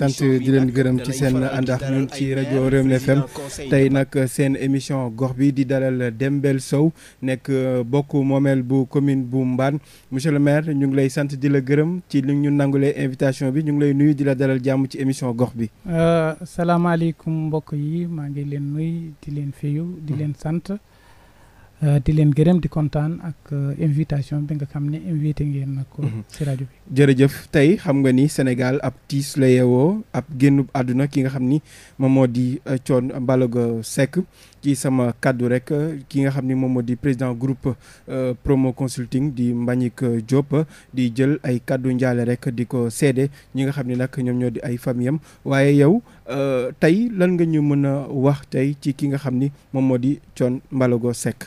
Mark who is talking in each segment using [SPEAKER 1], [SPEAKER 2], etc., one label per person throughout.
[SPEAKER 1] sant di leen gërëm ci seen ànd ak ñun ci rajo Rewmi FM tey nag seen émission gox bi di dalal Dembel Sow nekk euh, bokk moomeel bu commune bu mband monsieur le maire ñu ngi lay sant di la gërëm ci li ñu nangule invitation bi ñu ngi lay nuyu di la dalal jàmm ci émission gox bi.
[SPEAKER 2] Euh, salaamaaleykum mbokk yi maa ngi leen nuyu di leen fiyu di leen sant. Euh, di leen gërëm di kontaan ak invitation bi nga xam ne invité ngeen na mhm. ci rajo
[SPEAKER 1] bi. jërëjëf tey xam nga ni Sénégal ab tiis la yeewoo ab génnub àdduna ki nga xam ni moom moo di euh, Thione Ballago Seck ci sama kàddu rek euh, ki nga xam ni moom moo di président groupe euh, promo consulting di Mbagnick Diop di jël ay kàddu njaale rek di ko seede ñi nga xam ni nag ñoom ñoo di ay famiyam waaye yow tey lan nga ñu mën a wax tey ci ki nga xam ni moom moo di Thione Ballago Seck.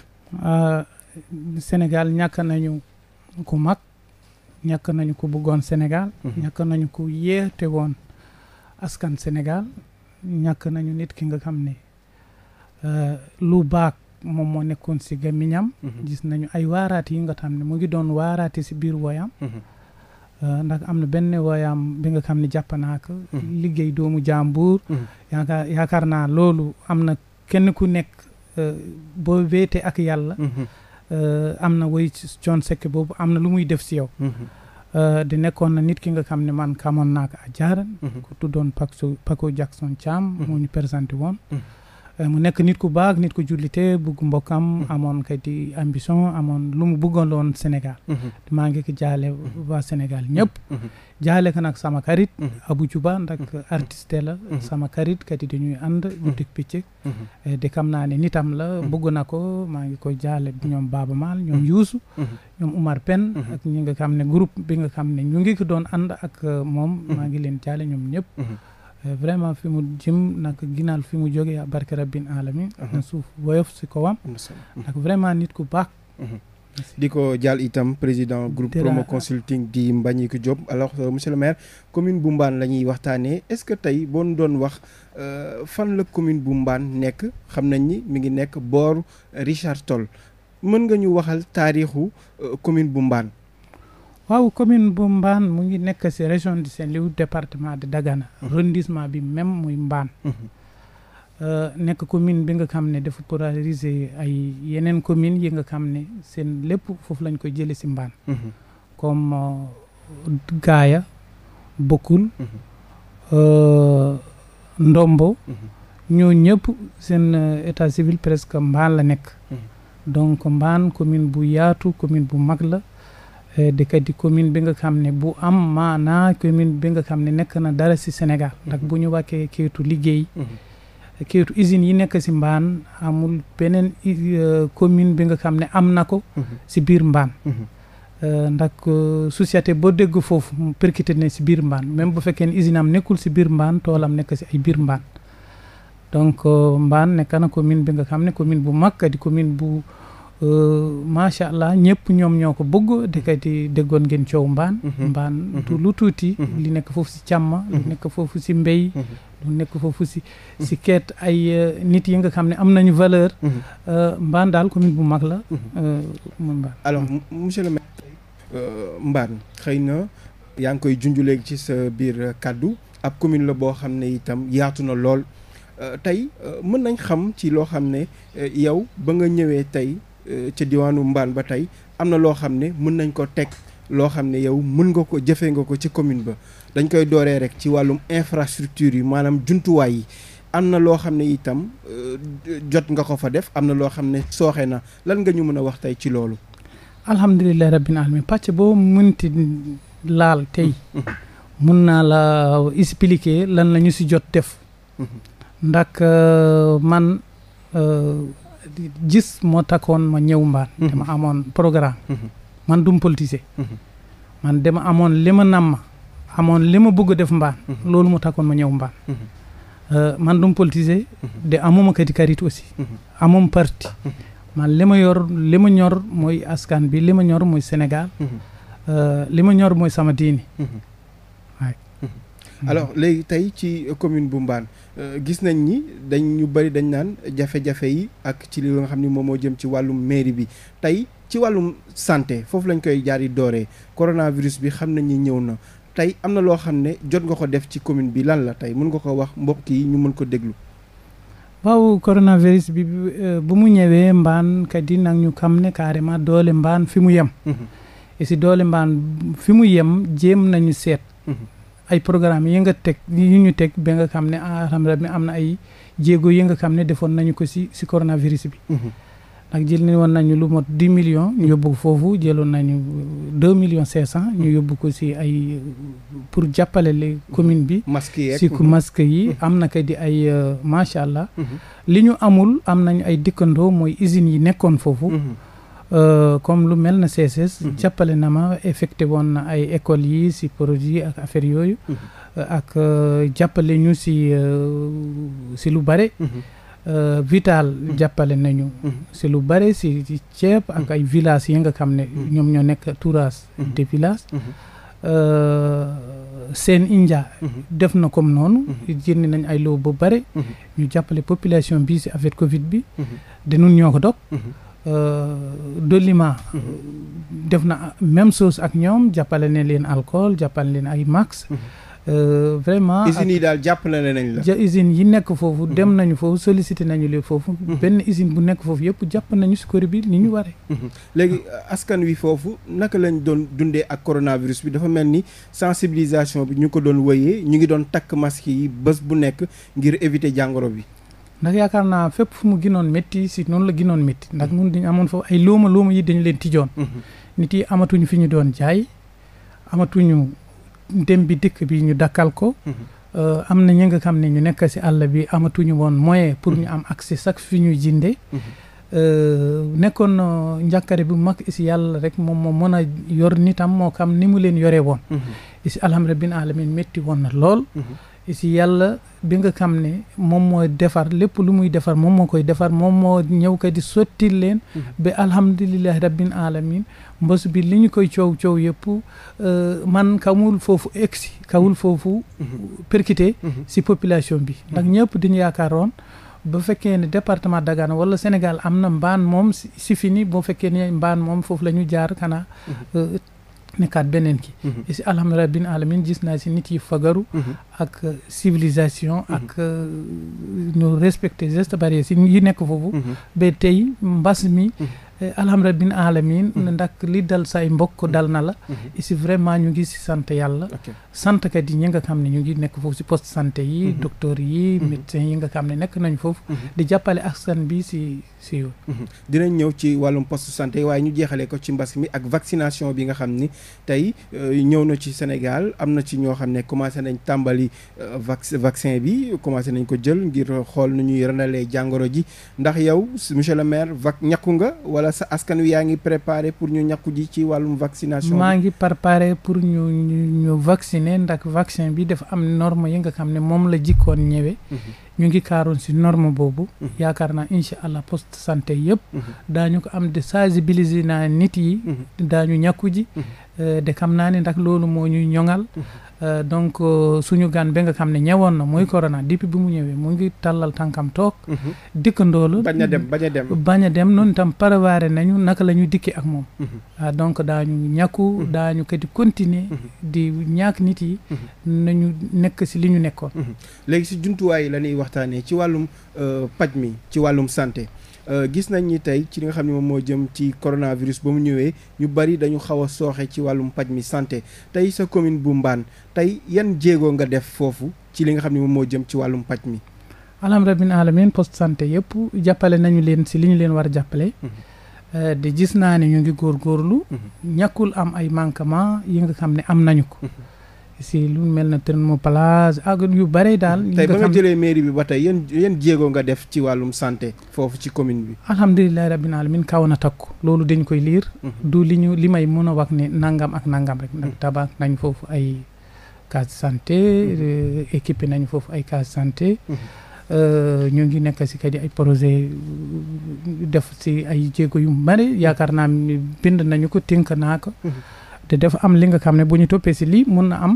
[SPEAKER 2] Sénégal ñàkk nañu ku mag. ñàkk nañu ko bëggoon senegal mhm. ñàkk nañu ko yeete woon askan Sénégal ñàkk nañu nit ki nga xam ne euh, lu baak moom moo nekkoon si gémmiñam mhm. gis nañu ay waaraati yi nga tam ne mu ngi doon waaraati si biir woyam mhm. euh, ndax am na benn woyam bi nga xam ne jàpp naa liggéey doomu jàmbur yaakaar yaakaar naa loolu am na kenn ku nekk euh, boo wéete ak yàlla Euh, am na woy Thione Seck boobu am na lu muy def si yow mm-hmm. euh, di nekkoon na nit ki nga xam ne man xamoon naa ko a jaaran mm-hmm. ku tuddoon Paco Paco Jackson Thiam mm-hmm. moo ñu présenté woon mu nekk nit ku baax nit ku jullite bëgg mbokkam amoon kati ambition amoon lu mu bëggoon loon senegal maa ngi ko jaale waa Sénégal ñëpp jaale ko nag sama karit Abou Diouba ndax artiste la sama karit kati dañuy ànd guddik picc di xam naa ne nitam la bëgg na ko maa ngi koy jaale ñoom Baba Maal ñoom Youssou ñoom Oumar Pène ak ñi ne groupe bi nga xam ne ñu ngi ko doon ànd ak moom maa ngi leen jaale ñoom ñëpp vraiment fi mu jëm nag ginaal fi mu jógee a barke rabbin alamin na suuf woyof si kawam nag vraiment nit ku baax
[SPEAKER 1] di ko jàll itam président groupe promo consulting di Mbagnick Diop alors euh, monsieur le maire commune bu mbaan la ñuy waxtaanee ce que tey boo doon wax euh, fan la commune bu mbaan nekk xam nañ ni mi ngi nekk boor Richard Toll mën nga ñu waxal taarixu euh, commune bu Mbane waaw commune bu Mbane mu ngi nekk ci région de
[SPEAKER 2] Saint-Louis département de Dagana mhm. arrondissement bi même muy Mbane mhm. euh, nekk commune bi nga xam ne dafa polariser ay yeneen commune yi nga xam ne seen lépp foofu lañ koy jële ci Mbane mhm. comme euh, Gaaya Bokkul euh, Ndombo ñoo ñëpp seen état civil presque Mbane la nekk donc Mbane commune bu yaatu commune bu mag la Eh, di kadi commune bi nga xam ne bu am maanaa commune bi nga xam ne nekk na dara si Sénégal ndax mhm. bu ñu wàccee keetu liggéey mhm. keetu usines yi nekk si Mbaan amul beneen eh, commune bi nga xam ne am na ko si mhm. biir Mbaan eh, ndax société boo dégg foofu mu percuté ne si biir Mbaan même bu fekkee ne usine am nekkul si biir Mbaan toolam nekk si ay biir Mbaan donc Mbaan nekk na commune bi nga xam ne commune bu mag di commune bu Euh, macha allah ñëpp ñoom ñoo ko bëgg te déggoon ngeen coow mbaan mhm. Mhm. mbaan tu mhm. lu tuuti li nekk foofu si càmm lu nekk foofu si mbéy lu nekk foofu si si ket ay euh, nit yi nga xam ne am nañu valeur euh, mbaan daal commune bu mag la moom mbaan
[SPEAKER 1] monsieur le maire mbaan xëy na yaa ngi koy junj léegi ci sa biir kàddu ab commune la boo xam ne itam yaatu na lool tey mën nañ xam ci loo xam ne yow ba nga ñëwee tey Euh, ca diwaanu Mbaan ba tey am na loo xam ne mën nañ ko teg loo xam ne yow mun nga ko jëfee nga ko ci commune ba dañ koy dooree rek ci wàllum infrastructure yi maanaam jumtuwaay yi am na loo xam ne itam euh, jot nga ko fa def am na loo xam ne sooxe na lan nga ñu mën a wax tey ci loolu
[SPEAKER 2] alhamdulilahi rabbil alamin pàcc boo mënti laal tey mun naa la expliquer lan la ñu si jot def ndax euh, man gis moo takkoon ma ñëw mbaan mhm. dama amoon programme mhm. man dum politisé mhm. man dama amoon li ma nam amoon li ma bëgg def mbaan loolu moo takkoon ma ñëw mbaan euh, man dum politisé de amuma kati karit aussi amum parti man li ma yor li ma ñor mooy askan bi li ma ñor mooy Sénégal euh, li ma ñor mooy sama diini Mm-hmm. alors
[SPEAKER 1] léegi tey ci commune bu Mbane euh, gis nañ ni dañ ñu bëri dañ naan jafe-jafe yi ak ci li nga xam ni moom moo jëm ci wàllum mairie bi tey ci wàllum santé foofu lañ koy jaar yi dooree coronavirus bi xam nañ ni ñëw na tey am na loo xam ne jot nga ko def ci commune bi lan la tey mun nga ko wax mbokk yi ñu mën ko déglu. waaw
[SPEAKER 2] coronavirus bi euh, bu mu ñëwee mbaan kadi nag ñu xam ne carrément doole mbaan fi mu yem. Mm-hmm. si doole mbaan fi mu yem jéem nañu seet. Mm-hmm. ay programme yi nga teg yi ñu teg ba nga xam ne alhamdulilah am na ay jéego yi nga xam ne defoon nañu ko si si coronavirus bi. Mhm. ak jël ni woon nañu lu mot dix millions ñu yóbbu ko foofu jëloon nañu deux millions cinq cent ñu mhm. yóbbu ko si ay pour jàppale les commune bi si mhm. masque yi am na kadi ay euh, macha allah li ñu amul am nañu ay dëkkandoo mooy usines yi nekkoon foofu Euh, comme lu mel na CSS mhm. jàppale na ma effecté woon na ay écoles yi si projet ak affaire yooyu mhm. euh, ak euh, jàppale ñu si si lu bare mhm. vital jàppale nañu si lu bare si ceeb ak ay villages yi nga xam ne ñoom ñoo nekk tourage des villages seen india def na comme noonu jënd nañ ay loo bu bare ñu jàppale population bi si affaire covid bi dañu ñoo ko dog Euh, Dolima mhm. def na même chose ak ñoom jàppale ne leen alcool jàppale leen ay max mhm. Euh, vraiment usines
[SPEAKER 1] yi daal jàppale nañ la. ja
[SPEAKER 2] usines yi nekk foofu. Mhm. dem nañu foofu sollicité nañu leen foofu. benn usine
[SPEAKER 1] bu nekk foofu yëpp jàpp nañu si kori bi ni ñu waree. léegi askan wi foofu naka lañ doon dundee ak coronavirus bi dafa mel ni sensibilisation bi ñu ko doon woyee ñu ngi doon takk masque yi bés bu nekk ngir éviter jàngoro bi.
[SPEAKER 2] ndax yaakaar naa fépp fu mu ginoon métti si noonu la ginoon métti ndax ñun dañu amoon foofu ay looma looma yi dañu leen mhm. nit yi amatuñu fi ñu doon jaay amatuñu dem bi dikk bi ñu dakkal ko mhm. euh, am na ñi nga xam ne ñu nekk si àll bi amatuñu woon moyen pour ñu mhm. am accès sax fi ñuy jinde euh, nekkoon njàkkare bu mag si yàlla rek moom moom mën a yor nitam moo xam ni mu leen yore woon si alhamdulilah bin alamin métti woon na lool si yàlla bi nga xam ne moom mooy defar lépp lu muy defar moom moo koy defar moom moo ñëw ko di sotti leen mhm. ba alhamdulillahi rabbil alamin mbos bi li ñu koy coow coow yëpp euh, man kawul foofu egsi kawul foofu mhm. percuté mhm. si population bi ndax ñëpp dañu yaakaaroon ba fekkee ne département Dagana wala Sénégal am na mbaan moom si fini boo fekkee ne mbaan moom foofu la ñu jaar kana euh, nekkaat beneen ki i mhm. si alhamdulilah bin alamin gis naa si nit yi fagaru mhm. ak euh, civilisation mhm. ak ñu euh, respecté geste barrière si yi nekk foofu ba tey mbas mi euh, alhamdulilah bin alamin ndax li dal say mbokk dal na la si vraiment ñu ngi si sant yàlla santkat yi ñi nga xam ne ñu ngi nekk foofu si post santé yi docteur yi médecins yi nga xam ne nekk nañ foofu di jàppale askan bi si siiw
[SPEAKER 1] mhm. dinañ ñëw ci wàllum poste santé waaye ñu jeexalee ko ci mbas mi ak vaccination bi nga xam ni tey euh, ñëw na ci Sénégal am na ci ñoo xam ne commencé nañ tàmbali euh, vac vaccin bi commencé nañ ko jël ngir xool nu ñuy renalee jàngoro ji ndax yow monsieur le maire vac ñakku nga wala sa askan yaa ngi préparer pour ñu ñàkku ji ci wàllum vaccination maa
[SPEAKER 2] ngi préparé pour ñu ñu vacciner ndax vaccin bi dafa am norme yi nga xam ne moom la jikkoon ñëwee mhm. ñu ngi kaaroon si norme boobu mhm. yaakaar naa incha allah poste santé yëpp mhm. daañu ko am de sensibiliser naa nit yi mhm. daañu ñàkku ji euh, de xam naa ne ndax loolu moo ñuy ñoŋal Euh, donc euh, suñu gan ba nga xam ne ñëwoon na mooy mm-hmm. corona depuis bi mu ñëwee mu ngi tàllal tànkam toog. Mm-hmm. dikkandoo la bañ dem bañ a dem. bañ a dem noonu tam préparé nañu naka la ñuy dikki ak moom. Mm-hmm. Ah, donc daañu ñàkku daañu kat di continuer. di ñaak nit yi. nañu nekk si li ñu nekkoon.
[SPEAKER 1] léegi si jumtuwaay la ñuy waxtaanee ci wàllum euh, paj mi ci wàllum santé. Euh, gis nañ ni tey ci li nga xam ne moom moo jëm ci coronavirus ba mu ñëwee ñu bari dañu xaw a sooxe ci wàllum mpaj mi santé tey sa commune bu mbaan tey yan jéego nga def foofu ci li nga xam ne moom moo jëm ci wàllum mpaj mi.
[SPEAKER 2] alam rabin alamin poste santé yëpp jàppale nañu leen si li ñu leen war a jàppale. Mhm. Euh, de gis naa ne ñu ngi góor góorlu mhm. ñàkkul am ay manquement yi nga xam ne am nañu ko. Mhm. si lu mel na Thermo Place ak yu
[SPEAKER 1] bare daal. tey ba nga jëlee mairie bi ba tey yan yan jéego nga def ci wàllum sante foofu ci commune bi.
[SPEAKER 2] alhamdulilah rabbil alamin kaw na takku loolu dañ koy liir. Mhm. du li ñu li may mën a wax ne nangam ak nangam rek. ndax mhm. tabax nañ foofu ay case santé. Mhm. Euh, équipé nañ foofu ay case santé. Euh, ñu ngi nekk si kadi ay projet def si ay jéego yu bare yaakaar naa bind nañu ko tënk naa ko. te dafa am li nga xam ne bu ñu toppee si lii mun na am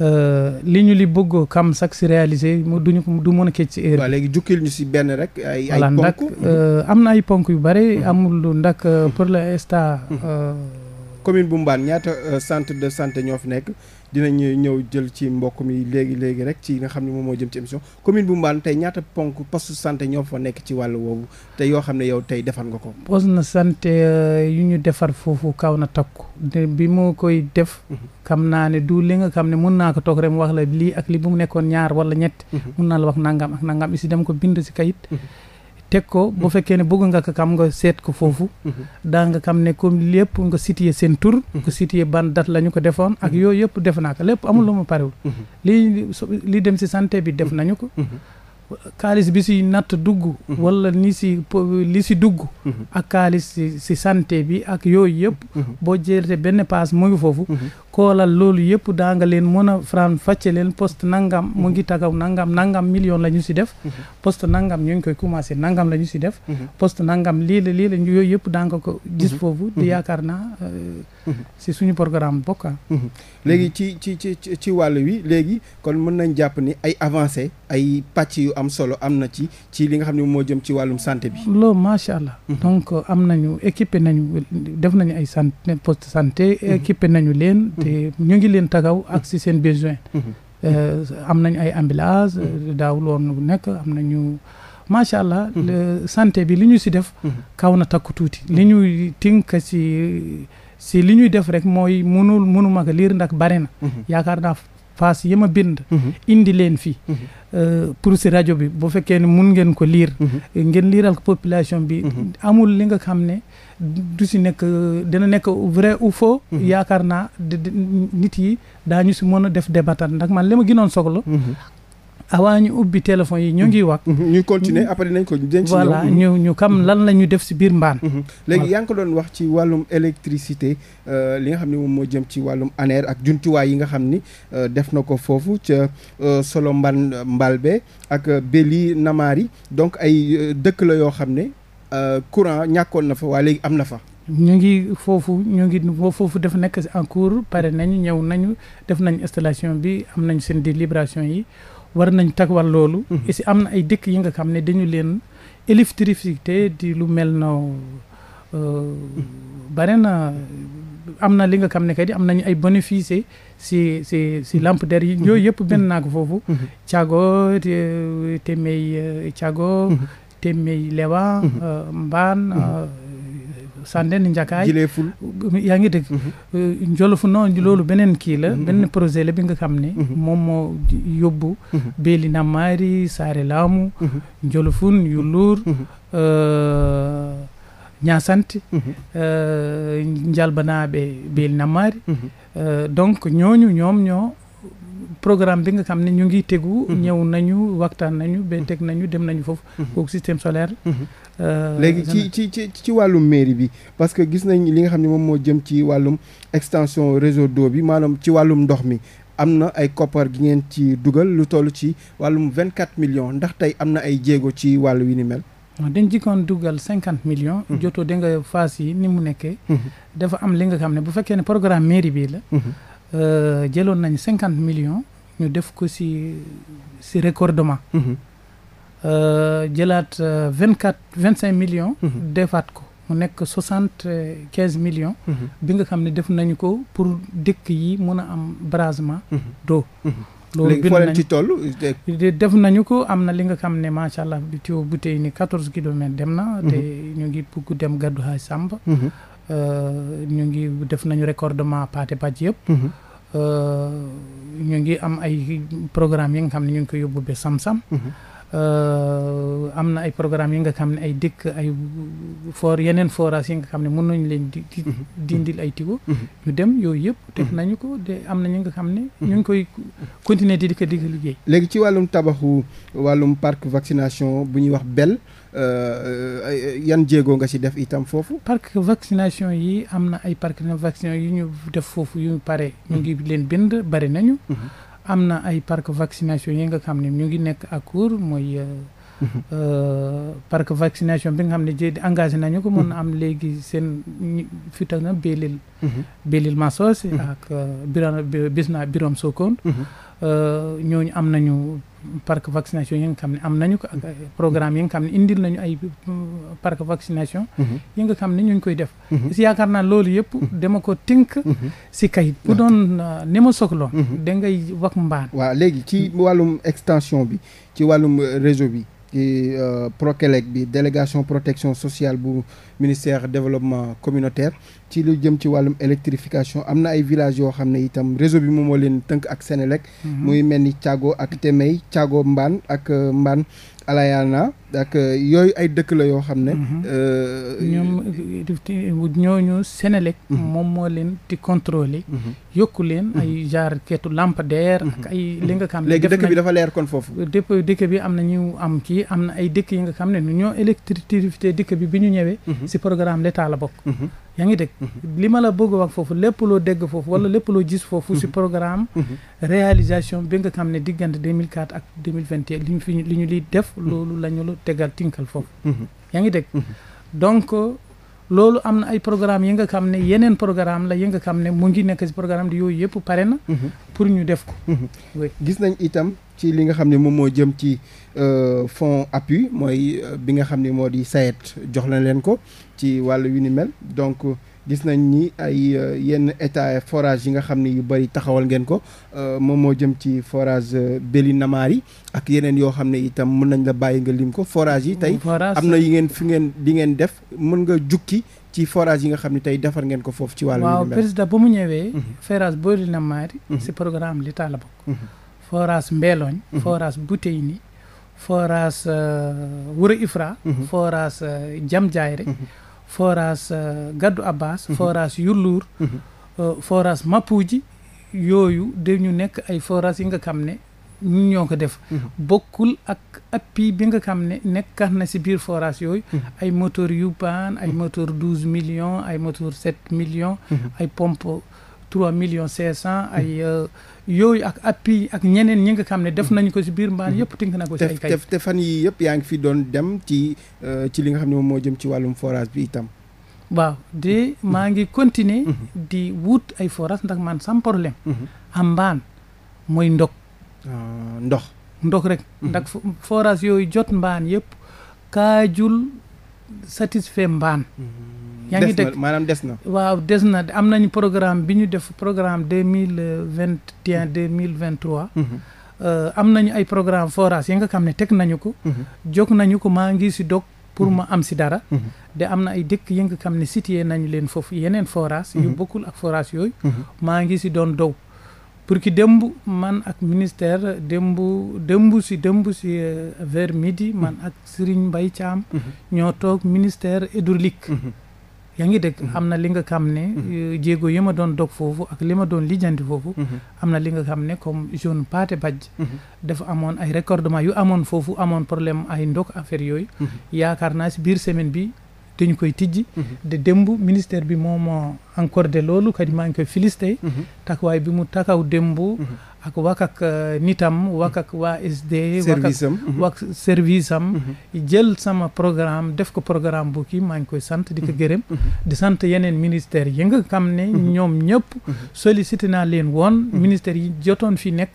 [SPEAKER 2] euh, li ñu li bëgg kam sax si réaliser du ñu du mën a kecc ci erreur. léegi jukkil ñu si benn rek. ay ay ponk euh, am na ay ponk yu bare. Mhm. amul ndax euh, pour l'instant. Mhm.
[SPEAKER 1] commune bu Mbane ñaata centre de santé ñoo fi nekk. dinañ ñëw jël ci mbokk mi léegi léegi rek ci nga xam ne moom moo jëm ci émission commune bu Mbane tey ñaata ponk poste santé ñoo fa nekk ci wàll woowu te yoo xam ne yow tey defar nga ko.
[SPEAKER 2] poste na santé euh, yu ñu defar foofu kaw na takku. bi mu koy def. kam mhm. naa ne du li nga xam ne mun naa ko toog rek mu wax la lii ak lii bu mu nekkoon ñaar wala ñett. Mhm. mun naa la wax nangam ak nangam isi dem ko bind si kayit. Mhm. teg ko bu mm-hmm. fekkee ne bëgg nga ko kam nga seet ko foofu mm-hmm. daa nga kam ne comme lépp nga situé seen tur mm-hmm. nga situé ban date la ñu ko defoon ak yooyu yëpp def naa ko lépp amul lu ma parewul lii li dem si santé bi def ko kaalis bi si natt dugg mhm. walla ni si li si dugg mhm. ak kaalis si sante bi ak yooyu yëpp mhm. boo jëlee benn paas mu ngi foofu koolal loolu yëpp daa leen mën a faram fàcce leen poste nangam mu ngi tagaw nangam nangam million la ñu si def poste nangam ñu ngi koy commencé nangam la ñu si def poste nangam lii la lii la yooyu yëpp daa ko gis foofu di yaakaar naa
[SPEAKER 1] euh,
[SPEAKER 2] si suñu programme bokka ah.
[SPEAKER 1] léegi ci ci ci ci wàll wi léegi kon mën nañ jàpp ni ay avancé ay pàcc yu am solo am na ci ci li nga xam ne moo jëm ci wàllum santé bi. loolu
[SPEAKER 2] macha allah. Mhm. donc euh, am nañu équipé nañu def nañu ay sant poste santé. Mhm. équipé nañu leen. Mhm. ñu ngi leen tagaw ak si seen besoin. Euh, am nañu ay ambulance euh, daaw loon bu nekk am nañu. macha allah santé bi li ñu si def kaw na takku tuuti li ñuy tënk si si li ñuy def rek mooy munul munuma ko liir ndax bare na yaakaar naa paas yi ma bind mhm. indi leen fii mhm. euh, pour si rajo bi boo fekkee ne mun ngeen ko liir mhm. ngeen liiral ko population bi amul li nga xam ne du si nekk dina nekk vrai ou faux yaakaar naa nit yi daañu si mën a def débattre ndax man li ma gënoon soxla avant ñu ubbi téléphone yi ñu ngi wax. Mhm. ñu continuer après
[SPEAKER 1] nañ ko denc. voilà ñu
[SPEAKER 2] ñu kam mhm. lan la ñu def si biir mbaan. Mhm. léegi yaa
[SPEAKER 1] ngi ko doon wax ci wàllum électricité euh, li nga xam ne moom moo jëm ci wàllum ANER ak jumtuwaay yi nga xam ni euh, def na ko foofu ca euh, solo mban be ak Beli Namari donc ay dëkk la yoo xam ne courant ñàkkoon na fa waa léegi am na fa.
[SPEAKER 2] ñu ngi foofu ñu ngi foofu dafa nekk si cours pare nañ ñëw nañu def nañ installation bi am nañ seen délibération yi. war nañ taxawal loolu. aussi mhm. am na ay dëkk yi nga xam ne dañu leen te di lu mel na euh, mhm. bare na am na li nga xam ne kay am nañu ay bénéfice si si si mhm. lampadaire yi. yooyu yëpp benn naa ko foofu. Thiago Temey euh, Thiago. Temey Lewa. Euh, Mbaan. sanden jakaay yaa ngi dégg mhm. euh, njolofu noonu mhm. loolu beneen kii la mhm. benn projet la bi nga xam ne moom moo yóbbu beeli nammaari saare laamu njolofun yulluur ñaasante euh, euh, njalbanaaɓe beeli nammaari donc ñooñu ñoom ñoo programme bi nga xam ne ñu ngi tegu. Mhm. ñëw nañu waxtaan nañu ba mhm. teg nañu dem nañu foofu. Mhm. kooku système solaire. Euh, léegi ci ci
[SPEAKER 1] ci ci wàllum mairie bi parce que gis nañ li nga xam ne moom moo jëm ci wàllum extension réseau d'eau bi maanaam ci wàllum ndox mi. am na ay koppar gi ngeen ci dugal lu toll ci wàllum vingt quatre millions ndax tey am na ay jéego ci wàllu wi ni mel.
[SPEAKER 2] dañ jikkoon dugal cinquante million jotoo da fas yi ni mu nekkee. dafa am li nga xam ne bu fekkee ne programme mairie bi la. Euh, jëloon nañ cinquante millions ñu def ko ci ci raccordement mhm. euh, jëlaat euh, vingt quatre vingt cinq million mhm. defaat ko mu nekk soixante quinze million mhm. bi nga xam ne def nañu ko pour dëkk yi mun a am brasement
[SPEAKER 1] d'eau loolu bind nañ toll
[SPEAKER 2] def nañu ko am na li nga xam ne macha allah bi tuyau bu ni quatorze kilomètres dem na te ñu ngi bugg dem gaddu haay sàmb Euh, ñu ngi def nañu raccordement pàate pàcc yëpp. Mhm. Euh, ñu ngi am ay programme yi nga xam ne ñu ngi koy yóbbu be sam-sam. Mhm. Euh, am na ay programme yi nga xam ne ay dëkk ay for yeneen forage yi nga xam ne mun nañu leen di. Mhm. dindil ay tigo. ñu dem yooyu yëpp. def nañu ko am na ñu nga xam ne. ñu ngi koy continuer di di ko di liggéey.
[SPEAKER 1] léegi ci wàllum tabaxu wàllum parc vaccination bu ñuy wax bel Euh, euh, yan jéego nga ci def itam foofu.
[SPEAKER 2] parc vaccination yi am na ay parc de vaccination yu ñu def foofu yu pare. ñu mhm. ngi leen bind bari nañu. Mhm. am na ay parc vaccination yi nga xam ne ñu ngi nekk ak court mooy. Euh, mhm. parc vaccination bi nga xam ne jé engagé nañu ko mun na am léegi seen fi tax na Belil Belil Massos ak Birame Bisna Birame Sokone ñooñu am nañu parc vaccination yi nga xam ne am nañu ko ak programme yi nga xam ne indil nañu ay parc vaccination mhm. yi nga xam ni ñu koy def mhm. si yaakaar naa loolu yëpp mhm. dama ko tënk si kayit bu doon euh, ni ma soxloon da ngay wax mbaan
[SPEAKER 1] waaw léegi ci wàllum extension bi ci wàllum euh, réseau bi ci euh, bi délégation protection sociale bu ministère développement communautaire ci lu jëm ci wàllum électrification am na ay villages yoo xam ne itam réseau bi moom leen tënk ak Senelec mhm. muy mel ni caago ak Temey caago Mbaan ak euh, Mbaan Alayana ak euh, yooyu ay dëkk la yoo xam ne. Mhm. Euh, ñoom ñooñu Senelec. Mhm. moom moo leen di contrôler.
[SPEAKER 2] Mhm. yokku leen ay genre keetu lampadaire. ak ay li nga xam ne léegi dëkk bi dafa leer kon foofu. dëpp dëkk bi am na ñu am kii am na ay dëkk yi nga xam ne ñoo électricité dëkk bi bi ñu ñëwee. ci programme l'état la bokk. yaa ngi dégg li ma la bëgg wax foofu lépp loo dégg foofu wala lépp loo gis foofu ci programme réalisation bi nga xam ne diggante 2004 ak 2021 li ñu fi li ñu liy def loolu tegal tinkal foofu mhm. yaa ngi deg mhm. donc loolu am na ay programme yi nga xam ne yeneen programme la yi nga xam ne mu ngi nekk
[SPEAKER 1] si programme di yooyu yëpp pare na mhm. pour ñu def ko gis nañ itam ci li nga xam ne moom moo jëm ci euh, fonds appui mooy euh, bi nga xam ne moo di SAED jox na leen ko ci wàll yu ni mel donc gis nañ ni ay euh, yenn état forage yi nga xam ni yu bëri taxawal ngeen ko euh, moom moo jëm ci forage euh, Beli Namari ak yeneen yoo xam ne itam mun nañ la bàyyi nga lim ko forage yi tey am na yi ngeen fi ngeen di ngeen def mën nga jukki ci forage yi nga xam ne tey defar ngeen ko foofu ci wàllu waaw président
[SPEAKER 2] ba mu ñëwee mhm. forage Beli Namari mhm. si programme l'État la bokk mhm. forage Mbeelooñ forage Bouteyni forage Wuro Ifra forage Jamjaay rek forage euh, Gaddu Abbas mhm. forage Yulluur mhm. euh, forage Mapuuji yooyu de ñu nekk ay forage yi nga xam ne ñun ñoo ko def mhm. bokkul ak appui bi nga xam ne nekkat na si biir forage yooyu ay moteur yu baan ay moteur douze millions ay moteur sept millions ay pompe trois millions cinq cent ay euh, yooyu ak appui ak ñeneen ñi nga xam ne def mm-hmm. nañu ko ci biir mbaan mm-hmm. yëpp tënk na ko ci ay kay
[SPEAKER 1] te fan yi yëpp yaa ngi fi doon dem ci euh, ci li xam ne moom moo jëm ci wàllum forage bi itam
[SPEAKER 2] waaw de mm-hmm. maa ngi continuer di wut ay forage ndax man sans problème am mbaan mooy ndox
[SPEAKER 1] ah, ndox
[SPEAKER 2] ndox rek ndax forage yooyu jot mbaan yëpp kaajul satisfait mbaan
[SPEAKER 1] yaa ngi maanaam des na
[SPEAKER 2] waaw des na am nañu programme bi ñu def programme deux mille vingt et deux mille vingt trois mhm. euh, am nañu ay programme forage yi nga xam ne teg nañu ko mhm. jok nañu ko maa ngi si dog pour mhm. ma am si dara de am na ay dëkk yi nga xam ne situé nañu leen foofu yeneen forage yu bokkul ak forage yooyu maa ngi si doon dow pour que démb man ak ministère dembu démb si dembu si euh, ver midi man ak Serigne mbay Thiam ñoo toog ministère hydraulique yaa ngi mm-hmm. am na li nga xam ne mm-hmm. euh, jéego yi ma doon dog foofu ak li ma doon lijjanti foofu mm-hmm. am na li nga xam ne comme jeune paate bajj dafa amoon ay raccordement yu amoon foofu amoon problème ay ndok affaire yooyu yaakaar naa si biir semaine bi dañu koy tijji mhm. de démb ministère bi moo ma encordé loolu kadi maa ngi koy félicité mhm. takawaay bi mu takaw démb mhm. ak wakak euh, nitam wakak waa SD wak service am jël sama programme def ko programme bu kii maa ngi koy sant di ko gërëm di sant yeneen ministère yi nga xam ne ñoom ñëpp sollicité naa leen woon ministère yi jotoon fi nekk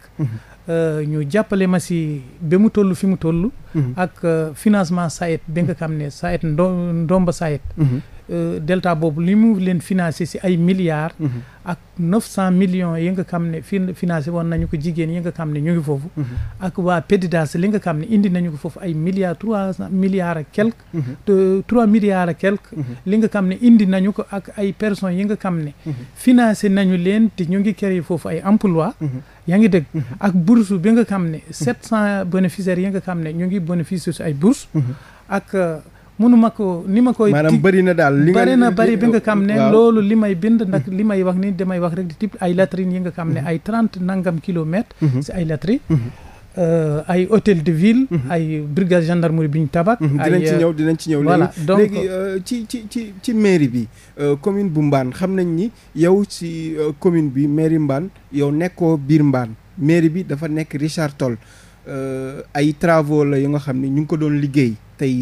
[SPEAKER 2] Euh, ñu jàppale ma si ba mu toll fi mu toll. Mhm. ak euh, financement SAED bi nga xam ne SAED ndo ndomba SAED. Mhm. Euh, delta boobu li mu leen financé si ay milliards. Mhm. ak neuf cent millions yi nga xam ne fi financé woon nañu ko jigéen yi nga xam ne ñu ngi foofu. Mhm. ak waa PDIDAS li nga xam ne indi nañu ko foofu ay milliar trois milliards et quelque. Mhm. te trois milliards et li nga xam ne indi nañu ko ak ay personnes yi nga xam ne. financé nañu leen te ñu ngi créé foofu ay emploi yaa ngi deg ak bourse bi nga xam ne. sept cent bénéficiaires yi nga xam ne ñu ngi bénéficier si ay bourse ak. Euh, mënuma ko ni ma
[SPEAKER 1] koy. maanaam bëri na daal li nga bëri na bëri bi nga xam ne loolu
[SPEAKER 2] li may bind ndax li may wax ni damay wax rek di type ay latrines yi nga xam ne ay trente nangam kilomètres. Mhm. si ay latrines. Mhm. Euh, ay hôtel de ville. Mhm. ay brigade gendarmerie bi ñu tabax. ay dinañ ci euh, ñëw dinañ ci ñëw. voilà léegi
[SPEAKER 1] euh, ci ci ci ci mairie bi commune bu Mbane xam nañ ni yow ci commune bi mairie Mbane yow nekkoo biir Mbane mairie bi dafa nekk Richard Toll ay travaux la yu nga xam ne ñu ngi ko doon liggéey. tey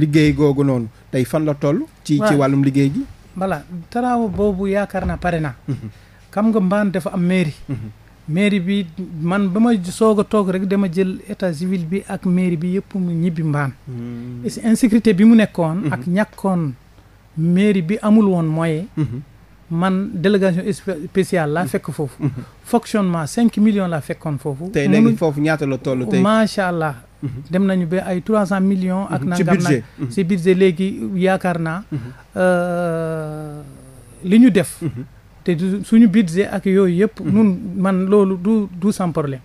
[SPEAKER 1] liggéey googu noonu tey fan la toll. ci ci wàllum liggéey gi.
[SPEAKER 2] voilà taraaw boobu yaakaar naa pare na. Mhm. xam nga mbaan dafa am mairie. Mhm. mairie bi man bama ma soog a toog rek dama jël état civil bi ak mairie bi yëpp mu ñibbi mbaan. parce mhm. insécurité bi mu nekkoon. ak ñàkkoon mairie bi amul woon moyen. man délégation spéciale laa fekk foofu. fonctionnement cinq millions laa fekkoon foofu. tey léegi
[SPEAKER 1] foofu ñaata la toll tey.
[SPEAKER 2] macha allah Mhm. dem nañu ba ay trois cent millions. ak mhm. nangam nag mhm. ci budget léegi yaakaar naa. Euh, li ñu def. te suñu budget ak yooyu yëpp. nun man loolu du du sans problème.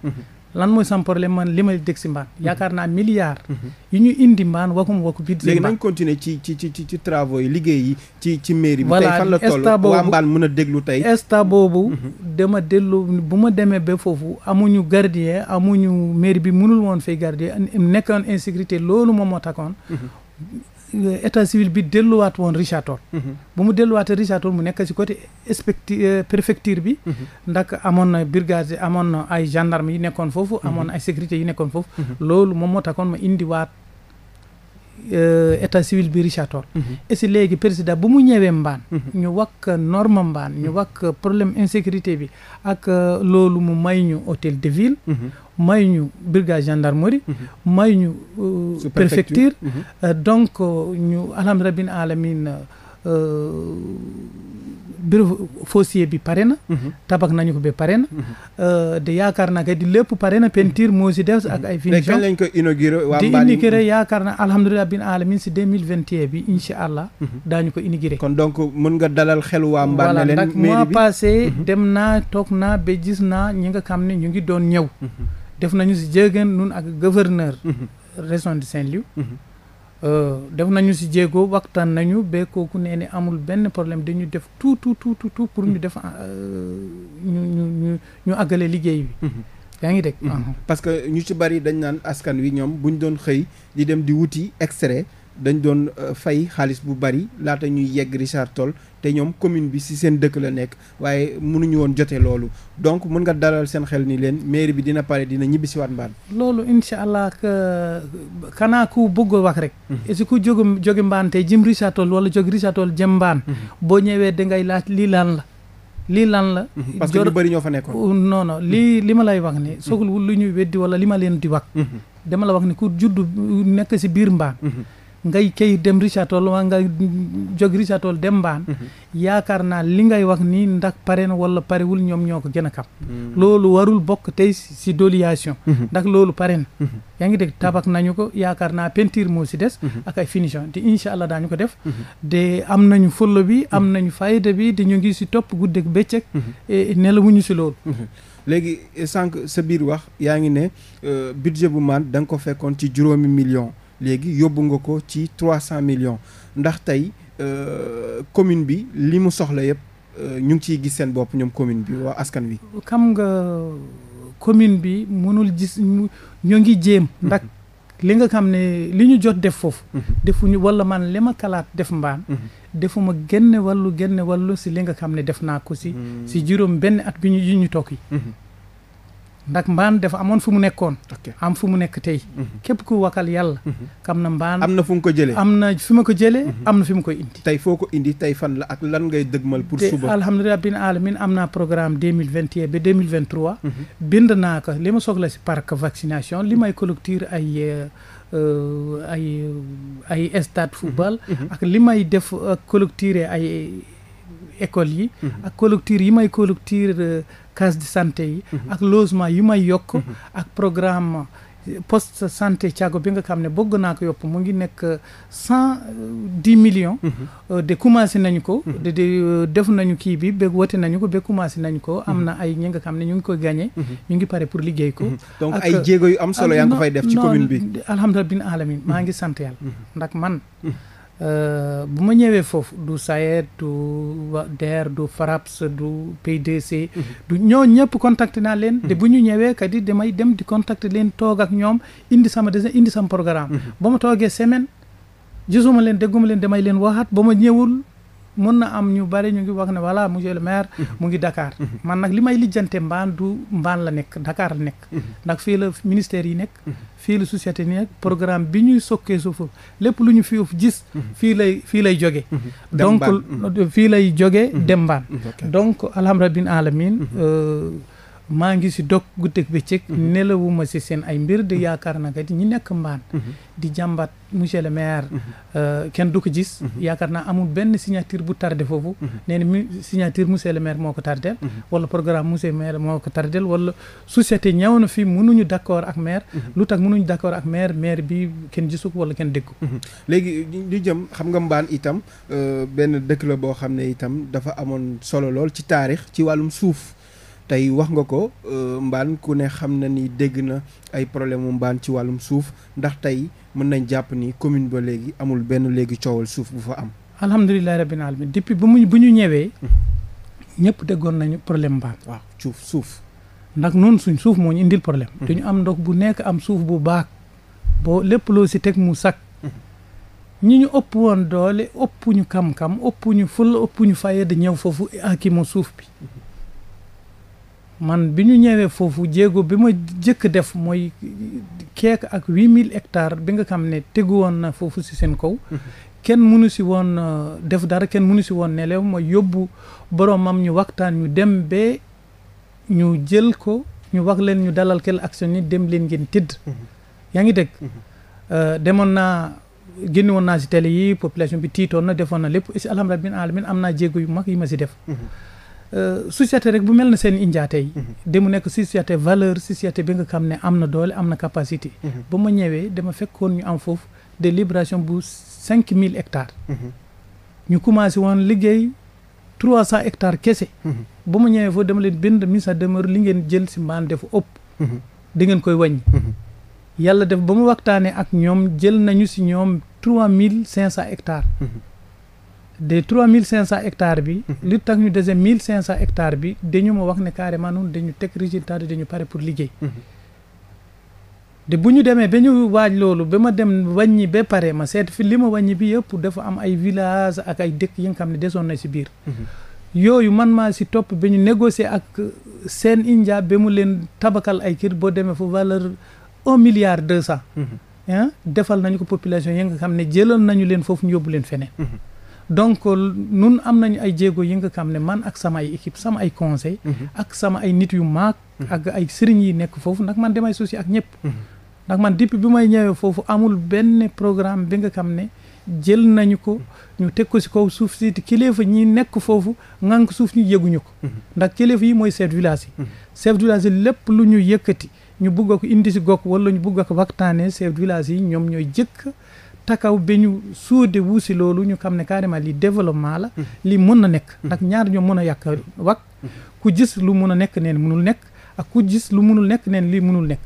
[SPEAKER 2] lan mooy sam man li may dégg si mbaan mhm. yaakaar naa milliards mhm. yu ñu indi mbaan wakum waku bid léegi nañ
[SPEAKER 1] continuer ci ci ci ci travaux yi liggéey yi ci ci mairie bi tey fan la toll waa mbaan mën a déglu tey
[SPEAKER 2] état boobu mhm. dama dellu bu ma demee ba foofu amuñu gardien amuñu mairie bi mënul woon fay gardien nekkoon insécurité loolu moom moo taxoon Euh, état civil bi delluwaat woon Richard Toll mhm. bu mu delluwaatee Richard Toll mu nekk ci côté inspecti euh, bi mhm. ndax amoon na brigade amoon na ay gendarme yi nekkoon foofu mhm. amoon na ay sécurité yi nekkoon foofu loolu moom moo takoon ma indiwaat euh, état civil bi Richard Toll et si léegi président bu mu ñëwee mbaan ñu wakk norme mbaan ñu wakk problème insécurité bi ak loolu mu may ñu hôtel de ville may ñu brigade gendarmerie. Mhm. may euh, mhm. euh, euh, ñu. préfecture donc ñu alhamdulilah bin alamin bureau foncier bi pare na. Mhm. tabax nañu ko ba pare na. de yaakaar naa kay di lépp pare na peinture moo si des ak ay. finition lañ ko
[SPEAKER 1] inauguré waa Mbali di inauguré
[SPEAKER 2] yaakaar naa alhamdulilah bin alamin si deux mille vingt bi incha
[SPEAKER 1] allah. daañu ko inauguré. kon donc mën nga dalal xel nag mois passé
[SPEAKER 2] dem naa toog naa ba gis naa ñi nga xam ne ñu ngi doon ñëw. def nañu si jéegéen nun ak gouverneur mhm. région de Saint-Louis mhm. euh, def nañu si jéego waxtaan nañu ba kooku nee ne amul benn problème dañu def tout tout tout tout pour ñu mhm. def euh, ñu ñu ñu ñu àggale liggéey bi yaa ngi dégg uh-huh.
[SPEAKER 1] parce que ñu ci bari dañ naan askan wi ñoom bu ñu doon xëy di dem di wuti extrait dañ doon euh, fay xaalis bu bari laata ñuy yegg Richard Toll te ñoom commune bi ci seen dëkk la nekk waaye mënuñu woon jote loolu donc mun nga dalal seen xel ni leen mairie bi dina pare dina ñibbi si waat mbaan
[SPEAKER 2] loolu incha allah euh, xanaa ku bëgg wax rek mhm. est ce que ku jógu jóge mbaan te jëm Richard Toll wala jóge Richard Toll jëm mbaan mhm. boo ñëwee da ngay laaj lii laan la lii lan la mhm. parce que ñu bëri
[SPEAKER 1] ñoo fa nekkoon oh,
[SPEAKER 2] non lii li ma lay wax ni soogul lu ñuy weddi wala li ma leen di wax dama la wax ni ku judd nekk si biir mbaan ngay kay dem Richard Toll waa nga jóg Richard dem mbaan mhm. yaakaar naa li ngay wax nii ndax pare na wala parewul ñoom ñoo ko gën a kam mm. loolu warul bokk tey si déviation mhm. ndax loolu pare na mhm. yaa ngi dégg tabak nañu ko yaakaar naa peinture moo si des ak ay finition te incha allah daañu ko def de am nañu folo bi am nañu fayda bi te ñu ngi si topp guddeeg bëccëg e,
[SPEAKER 1] nelawuñu si loolu léegi sànq sa biir wax yaa ngi ne euh, budget bu maan da nga ko fekkoon ci juróomi million léegi yóbbu nga ko ci trois cent millions ndax tey euh, commune bi li mu soxla yëpp euh, ñu ngi ciy gis seen bopp ñoom commune bi waa askan wi.
[SPEAKER 2] xam nga commune bi mënul gis ñoo ngi jéem. Mhm. ndax li nga xam ne li ñu jot def foofu. Mhm. defuñu wala man li ma kalaat def mbaan. Mhm. defuma génne wàllu génne wàllu si li nga xam ne def naa ko si. si juróom benn at bi ñu yu ñu toog yi ndax mbaan dafa amoon fu mu nekkoon am fu mu nekk tey mhm. képp ku wakal yàlla kam mhm. na mbaan am na fu mu ko jëlee am
[SPEAKER 1] na fi ma ko jëlee mhm. am na fi mu koy indi tey foo ko indi tey fan la ak lan ngay dëgmal pour suba
[SPEAKER 2] alhamdulilah bin alamin am naa programme deux mille vingt et un ba deux mille vingt trois naa ko li ma soxla si parc vaccination li may collecteur ay euh, euh, ay euh, ay stade football ak li may def collecteur ay école yi mhm. ak collecture yi may collecture euh, case de santé yi mhm. ak logement yi may yokk mhm. ak programme euh, poste santé Thiago bi nga xam ne bëgg naa ko yopp mu ngi nekk euh, cent dix millions de commencé nañu ko de def nañu kii bi ba wote nañu ko ba commencé nañu ko am na ay ñi nga xam ne ñu ngi koy gagné ñu ngi pare pour liggéey ko donc ay jéego am solo yaa ngi fay def ci commune bi alhamdulilah bin alamin maa ngi sant yàlla ndax man Euh, bu ma ñëwee foofu du SAED du DER du FRAPS du PDC. Mhm. du ñoo ñëpp contacté naa leen. Mhm. te bu ñu ñëwee kadi damay dem di contacté leen toog ak ñoom indi sama des indi sama programme. Mhm. ba ma toogee semaine gisuma leen dégguma leen damay leen waxaat ba ma ñëwul. mën na am ñu bari ñu ngi wax ne voilà monsieur maire mu ngi dakaar man nag li may lijjante mbaan du mbaan la nekk Dakar la nekk ndax fii la ministère yi nekk fii la société yi nekk programme bi ñuy sokkee suufu lépp lu ñu fi gis fii lay fii lay jóge donc fii lay joge dem mbaan donc alhamdulilah bin alamin euh, maa ngi si dog guddeeg bëccëg mhm. nelawuma si seen ay mbir di mhm. yaakaar na kat ñi nekk mbaan mhm. di jàmbat monsieur le maire euh, kenn du ko jis yaakaar naa amul benn signature bu tardé foofu neen na mi signature monsieur le maire moo ko tardel wala programme monsieur le maire moo ko tardel wala société ñëw na fi mënuñu d' accord ak maire lu tax mënuñu d' accord ak maire maire bi kenn gisu ko wala kenn dégg ko
[SPEAKER 1] léegi ñu jëm xam nga mbaan itam euh, benn dëkk la boo xam ne itam dafa amoon solo lool ci taarix ci wàllum suuf tey wax nga ko euh, Mbane ku ne xam na ni dégg na ay problème mu Mbane ci wàllum suuf ndax tey mën nañ jàpp ni commune ba léegi amul benn léegi coowal suuf bu fa am.
[SPEAKER 2] alhamdulilah rabbil alamin depuis bu mu bu ñu ñëwee. Hmm. ñëpp déggoon nañu problème Mbane. waaw suuf suuf. ndax noonu suñ suuf moo ñu indil problème. Hmm. dañu am ndox bu nekk am suuf bu baax. boo lépp loo si teg mu sakk. Hmm. ñi ñu ëpp woon doole ëpp ñu kam-kam ëpp ñu ful ëpp ñu fayda ñëw foofu akimoo suuf bi. man bi ñu ñëwee foofu jéego bi ma jëkk def mooy keek ak huit mille hectares bi nga xam ne tegu woon na foofu si seen kaw kenn mënu si woon euh, def dara kenn mënu si woon nelew mooy yóbbu boromam ñu waxtaan ñu dem ba ñu jël ko ñu wax leen ñu dalal kel action ni dem leen ngeen tëdd mhm. yaa ngi dégg mhm. euh, demoon naa génn woon naa si télé yi population bi tiitoon na defoon na lépp si alhamdulilah bin alamin am naa jéego yu mag yi ma si def mhm. su euh, société rek bu mel na seen injaate mhm. de mu nekk si société valeur société bi nga xam ne am na doole am na capacité mhm. ba ma ñëwee dama fekkoon ñu am foofu de libération bu cinq mille hectares mhm. ñu commencé woon liggéey trois cent hectares kese ba ma ñëwee foofu dama leen bind mise à demeure li ngeen jël si mbaan dafa ëpp di ngeen koy wàññi yàlla def ba mu waxtaanee ak ñoom jël nañu si ñoom trois mille cinq cent hectares des trois mille cinq cent hectare bi li tax ñu dese mille cinq cent hectares bi dañu ma wax ne carrément noonu dañu teg résultat de dañu pare pour liggéey te mhm. bu ñu demee ba ñu waaj loolu ba ma dem wàññi ba pare ma seet fi li ma wàññi bi yëpp dafa am ay village ak ay dëkk yi nga xam ne desoon na si biir mhm. yooyu man maa si topp ba ñu négocier ak seen india ba mu leen tabakal ay kër boo demee foofu valeur un milliard deux cent mhm. defal nañu ko population yi nga xam ne jëlal nañu leen foofu ñu yóbbu leen feneen donc nun am nañu ay jéego yi nga xam ne man ak sama ay équipe sama ay conseil mhm. ak sama ay nit yu maag mhm. ak ay sëriñ yi nekk foofu ndax man damay associé ak ñëpp mhm. ndax man depuis bi may ñëwee foofu amul benn programme bi nga xam ne jël nañu ko ñu teg ko si kaw suuf si kilifa ñi nekk foofu ngànk suuf ñu yëguñu ko ndax kilifa yi mooy chef de village yi chef de village yi lépp lu ñu yëkkati ñu bugg ko indi si gox wala ñu bugg ko waxtaanee chef de village yi ñoom ñooy jëkk takaw ba ñu suude wuusi loolu ñu xam ne carrément li développement la mhm. li mën na nekk mhm. ndax ñaar ñoo mën a yàkk wak mhm. ku gis lu mën a nekk neen mënul nekk ak ku gis lu mënul nekk neen lii mënul nekk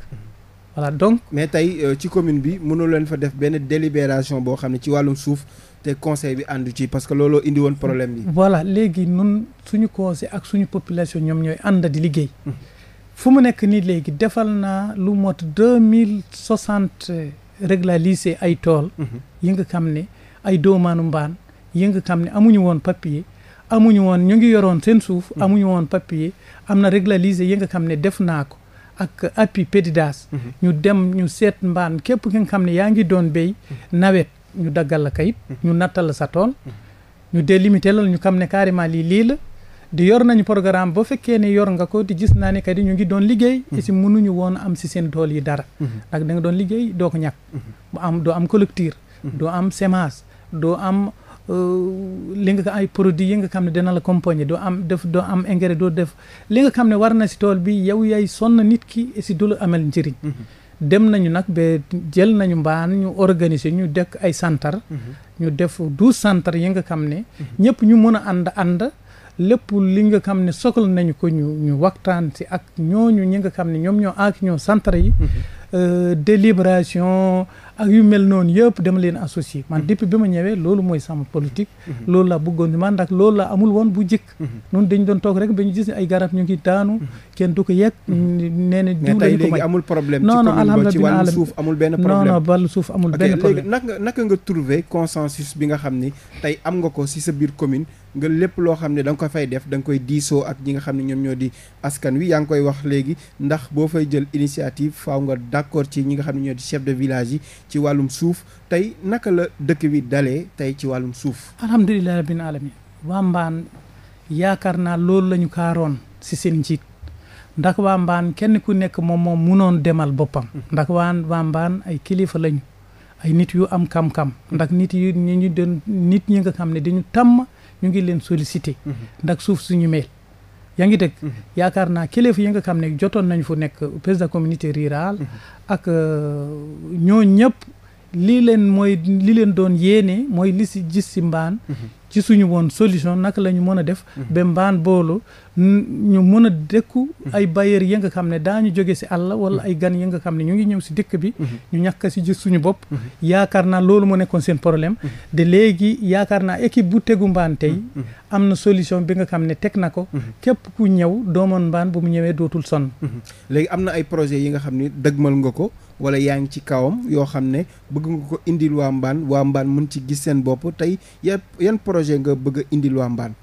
[SPEAKER 1] voilà donc mais tey euh, ci commune bi mënul leen fa def benn délibération boo xam ne ci wàllum suuf te conseil bi àndu ci parce que looloo indi problème bi
[SPEAKER 2] voilà léegi nun suñu conseil ak suñu population ñoom ñooy ànd di liggéey fu mu nekk nii léegi defal naa lu mot deux mille soixante régulariser ay tool mhm. yi nga xam ne ay doomaanu mbaan yi nga xam ne amuñu woon papier amuñu woon ñu ngi yoroon seen suuf mhm. amuñu woon papier am na régulariser yi nga xam ne def naa ko ak appui PDIDAS mhm. ñu dem ñu seet mbaan képp ki nga xam ne yaa ngi doon béy nawet ñu daggal la kayit ñu nattal la sa tool ñu délimité la ñu xam ne carrément lii lii la di yor nañu programme boo fekkee ne yor nga ko di gis naa ne di ñu ngi doon liggéey mm-hmm. et si mënuñu woon am si seen tool yi dara mm-hmm. ndax da doon liggéey doo ko ñàkk mm-hmm. am doo am collecteur doo am semence doo am euh, li nga ay produit yi nga xam ne dina la accompagner doo am def doo am engrais doo def li nga xam ne war na si tool bi yow yaay sonn nit ki et si du la amal njëriñ dem nañu nag ba jël nañu mbaan ñu organiser ñu dekk ay santar ñu def douze santar yi nga xam ne ñëpp ñu mën a ànd ànd lépp li nga xam ne soxla nañu ko ñu ñu waxtaan si ak ñooñu ñi nga xam ne ñoom ñoo ak ñoo centre yi mm-hmm. Euh, délibération ak yu mel noonu yëpp dama leen associé man mhm. depuis bi ma ñëwee loolu mooy sama politique mhm. loolu laa bëggoon man ndax loolu la amul woon bu jëkk mhm. noonu dañ doon toog rek ba ñu gis ay garab ñu ngi daanu kenn du ko yegg nee na diw lañ ko amul problème non non alhamdulilah ci wàllu suuf amul benn problème non non wàllu suuf amul benn problème
[SPEAKER 1] naka naka nga trouver consensus bi nga xam ni tey am nga ko si sa biir commune nga lépp loo xam ne da nga ko fay def danga koy diisoo ak ñi nga xam ne ñoom ñoo di askan wi yaa ngi koy wax léegi ndax boo fay jël initiative faaw nga d'accord ci ñi nga xam ne ñoo di chef de village yi ci wàllum suuf tey naka la dëkk bi dalee tey ci wàllum suuf.
[SPEAKER 2] alhamdulilah rabbil alamin waa Mbaan yaakaar naa loolu lañu kaaroon si seen njiit ndax waa Mbaan kenn ku nekk moom moom munoon demal boppam. Hmm. ndax waa waa Mbaan ay kilifa lañu. ay nit yu am kam-kam ndax nit yu ñu doon nit ñi nga xam ne dañu tàmm ñu ngi leen sollicité. Hmm. ndax suuf suñu mel. yaa ngi dégg mm-hmm. yaakaar naa kilifa yi nga xam ne jotoon nañ fu nekk président communauté rurale mm-hmm. ak euh, ñoo ñëpp lii leen mooy li leen doon yéene mooy li si gis si mbaan mhm. ci suñu woon solution naka lañu ñu mën a def mhm. ba mbaan boolu ñu mën a dëkku mhm. ay bailleur yi nga xam ne daañu jóge si àll wala ay gan yi nga xam ne ñu ngi ñëw si dëkk bi ñu ñàkk si gis suñu bopp yaakaar naa loolu moo nekkoon seen problème de léegi yaakaar naa équipe bu tegu mbaan tey am na solution bi nga xam ne teg na ko képp ku ñëw doomoon mbaan bu mu ñëwee dootul sonn
[SPEAKER 1] léegi am na ay projet yi nga xam ni dëgmal nga ko wala yaa ngi ci kawam yoo xam ne bëgg nga ko indil waa Mbane waa Mbane mën ci gis seen bopp tey yan yan projet nga bëgg a indil waa Mbane.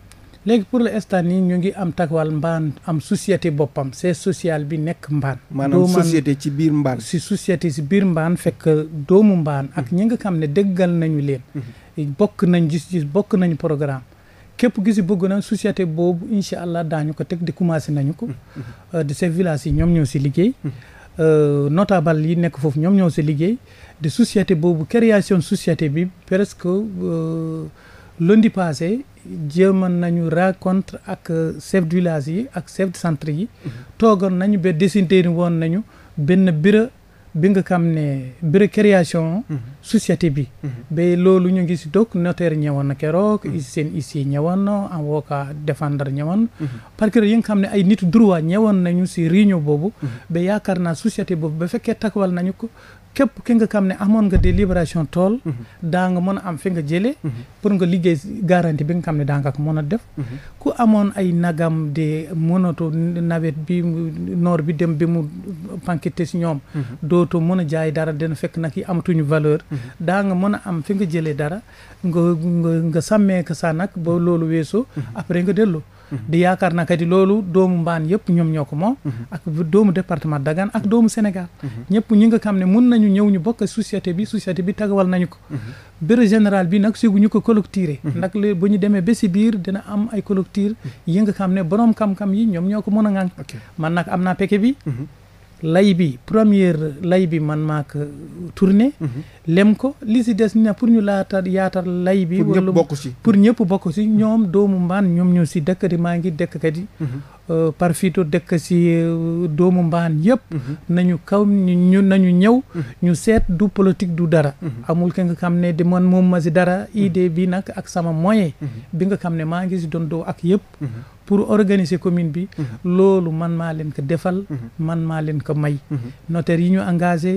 [SPEAKER 2] léegi pour l'instant nii ñu ngi am taxawal mbaan am société boppam see social bi nekk Mbane. maanaam société
[SPEAKER 1] ci biir mbaan si société biir
[SPEAKER 2] Mbane fekk doomu mbaan ak ñi nga xam ne déggal nañu leen. Mhm. bokk nañ gis bokk nañ programme. képp gisi bëgg na société boobu incha allah daañu ko teg di commencé nañu ko. Mhm. Euh, de ces villages yi ñoom ñoo si liggéey. Mhm. Euh, notable yi nekk foofu ñoom ñoo si liggéey de société boobu création société bi presque euh, lundi passé jéemoon nañu racontre ak euh, chef du village yi ak chef de centre yi mm-hmm. toogoon nañu ba décidé woon nañu benn bureau bi nga xam ne bureau création mhm. société bi mhm. ba loolu ñu ngi si donc notaire ñëwoon na keroog mhm. seen huissier ñëwoon na avocat défendre ñëwoon procureur yi nga xam ne ay nit droit ñëwoon nañu si réunion boobu ba yaakaar naa société boobu ba fekkee takwal nañu ko képp ki nga xam ne amoon nga délibération tool mhm. daa nga mën a am fi nga jëlee mhm. pour nga liggéey garantie bi nga xam ne daa nga ko mën a def mhm. ku amoon ay nagam de mënatu nawet bi noor bi dem bi mu pankite si ñoom mën a jaay dara dina fekk nag yi amatuñu valeur daa nga mën a am fi nga jëlee dara nga nga nga sàmmee ko sa nag ba loolu weesoo après nga dellu di yaakaar na kati loolu doomu mbaan yëpp ñoom ñoo ko moom ak doomu département Dagana ak doomu Sénégal ñëpp ñi nga xam ne mun na ñu ñëw ñu bokk société bi société bi tagawal nañu ko bureau général bi nag sugu ñu ko collecté nag léegi bu ñu demee ba si biir dina am ay collecté yi nga xam ne borom xam-xam yi ñoom ñoo ko mën a ŋànk man nag am naa peke bi lay bi première lay bi man maa ko tourné mhm. lem ko li si des na pour ñu laata yaatal lay bi wala pour ñëpp bokku si ñoom doomu mban ñoom ñoo si dëkkati maa ngi dëkkati Euh, par fii dekk si euh, doomu mbaan yëpp mhm. nañu kaw ñu nañu ñëw mhm. ñu seet du politique du dara mhm. amul ki nga xam ne di man moom ma si dara idée bi nag ak sama moyen bi nga xam ne maa ngi si doon doo ak yëpp pour organiser commune bi loolu man maa leen ko defal man maa leen ko may notaire yi ñu engage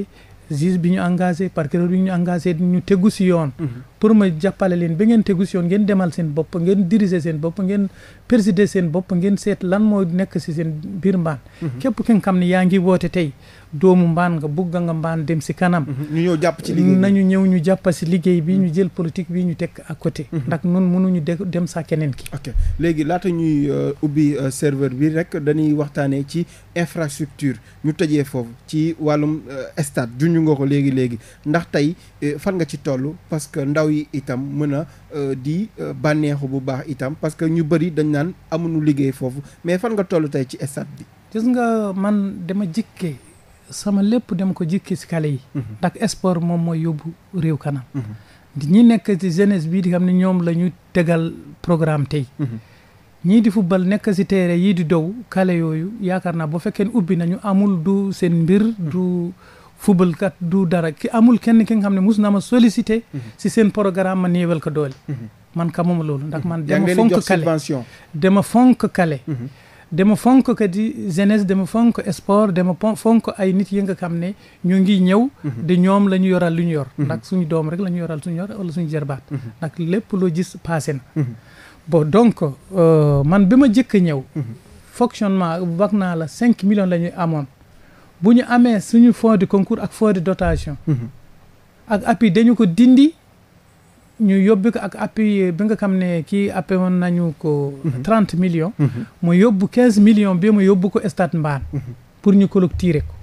[SPEAKER 2] juge bi ñu engagé parquet bi ñu engagé ñu tegu si yoon pour ma jàppale leen ba ngeen tegu si yoon ngeen demal seen bopp ngeen diriger seen bopp ngeen présider seen bopp ngeen seet lan moo nekk si seen biir mbaan mhm. képp ki nga xam ne yaa ngi woote tey doomu mbaan nga bugg nga mbaan dem si kanam mhm. ñu ñëw jàpp ci liggéey nañu ñëw ñu jàpp si liggéey bi ñu mhm. jël politique bi ñu teg à côté ndax nun ñu de dem sa keneen ki ok
[SPEAKER 1] léegi laata ñuy euh, ubbi euh, serveur bi rek dañuy waxtaanee ci infrastructure ñu tëjee foofu ci wàllum euh, stade juñu nga ko léegi léegi ndax tey fan nga ci toll yi itam mën a euh, di euh, bànneexu bu baax itam parce que ñu bëri dañ naan amuñu liggéey foofu mais fan nga tollu tey ci stade bi.
[SPEAKER 2] gis nga man dama jikkee sama lépp dem ko jikkee si xale yi. Mhm. ndax sport moom mooy yóbbu réew kanam. Mhm. ñi nekk ci jeunesse bii di xam ne ñoom la ñu tegal programme tey. Mhm. ñii di football nekk si terrain yii di dow xale yooyu yaakaar naa bu fekkee ubbi nañu amul du seen mbir du. fubalkat du dara ki amul kenn ki nga xam ne mus na ma sollicité mhm. si seen programme ma néewal ko doole mhm. man kamuma loolu ndax man mhm. dama fonk kale dama fonk kale dama fonk ka di jeunesse dama fonk sport dama fonk ay nit yi nga xam ne ñu ngi ñëw de ñoom la ñu yoral lu ñu yor ndax suñu doom rek la ñu yoral suñu yor wala suñu jërbaat ndax lépp loo gis passé na bon donc euh, man bi ma jëkk a ñëw fonctionnement bag naa la cinq millions la ñu amoon bu ñu amee suñu fonds de concours ak fonds de dotation mhm. ak appui dañu ko dindi ñu yóbbu ko ak appui bi nga xam ne kii appui woon nañu ko mhm. trente million mhm. mu yóbbu quinze millions bi mu yóbbu ko stat mbaan pour ñu clôturer ko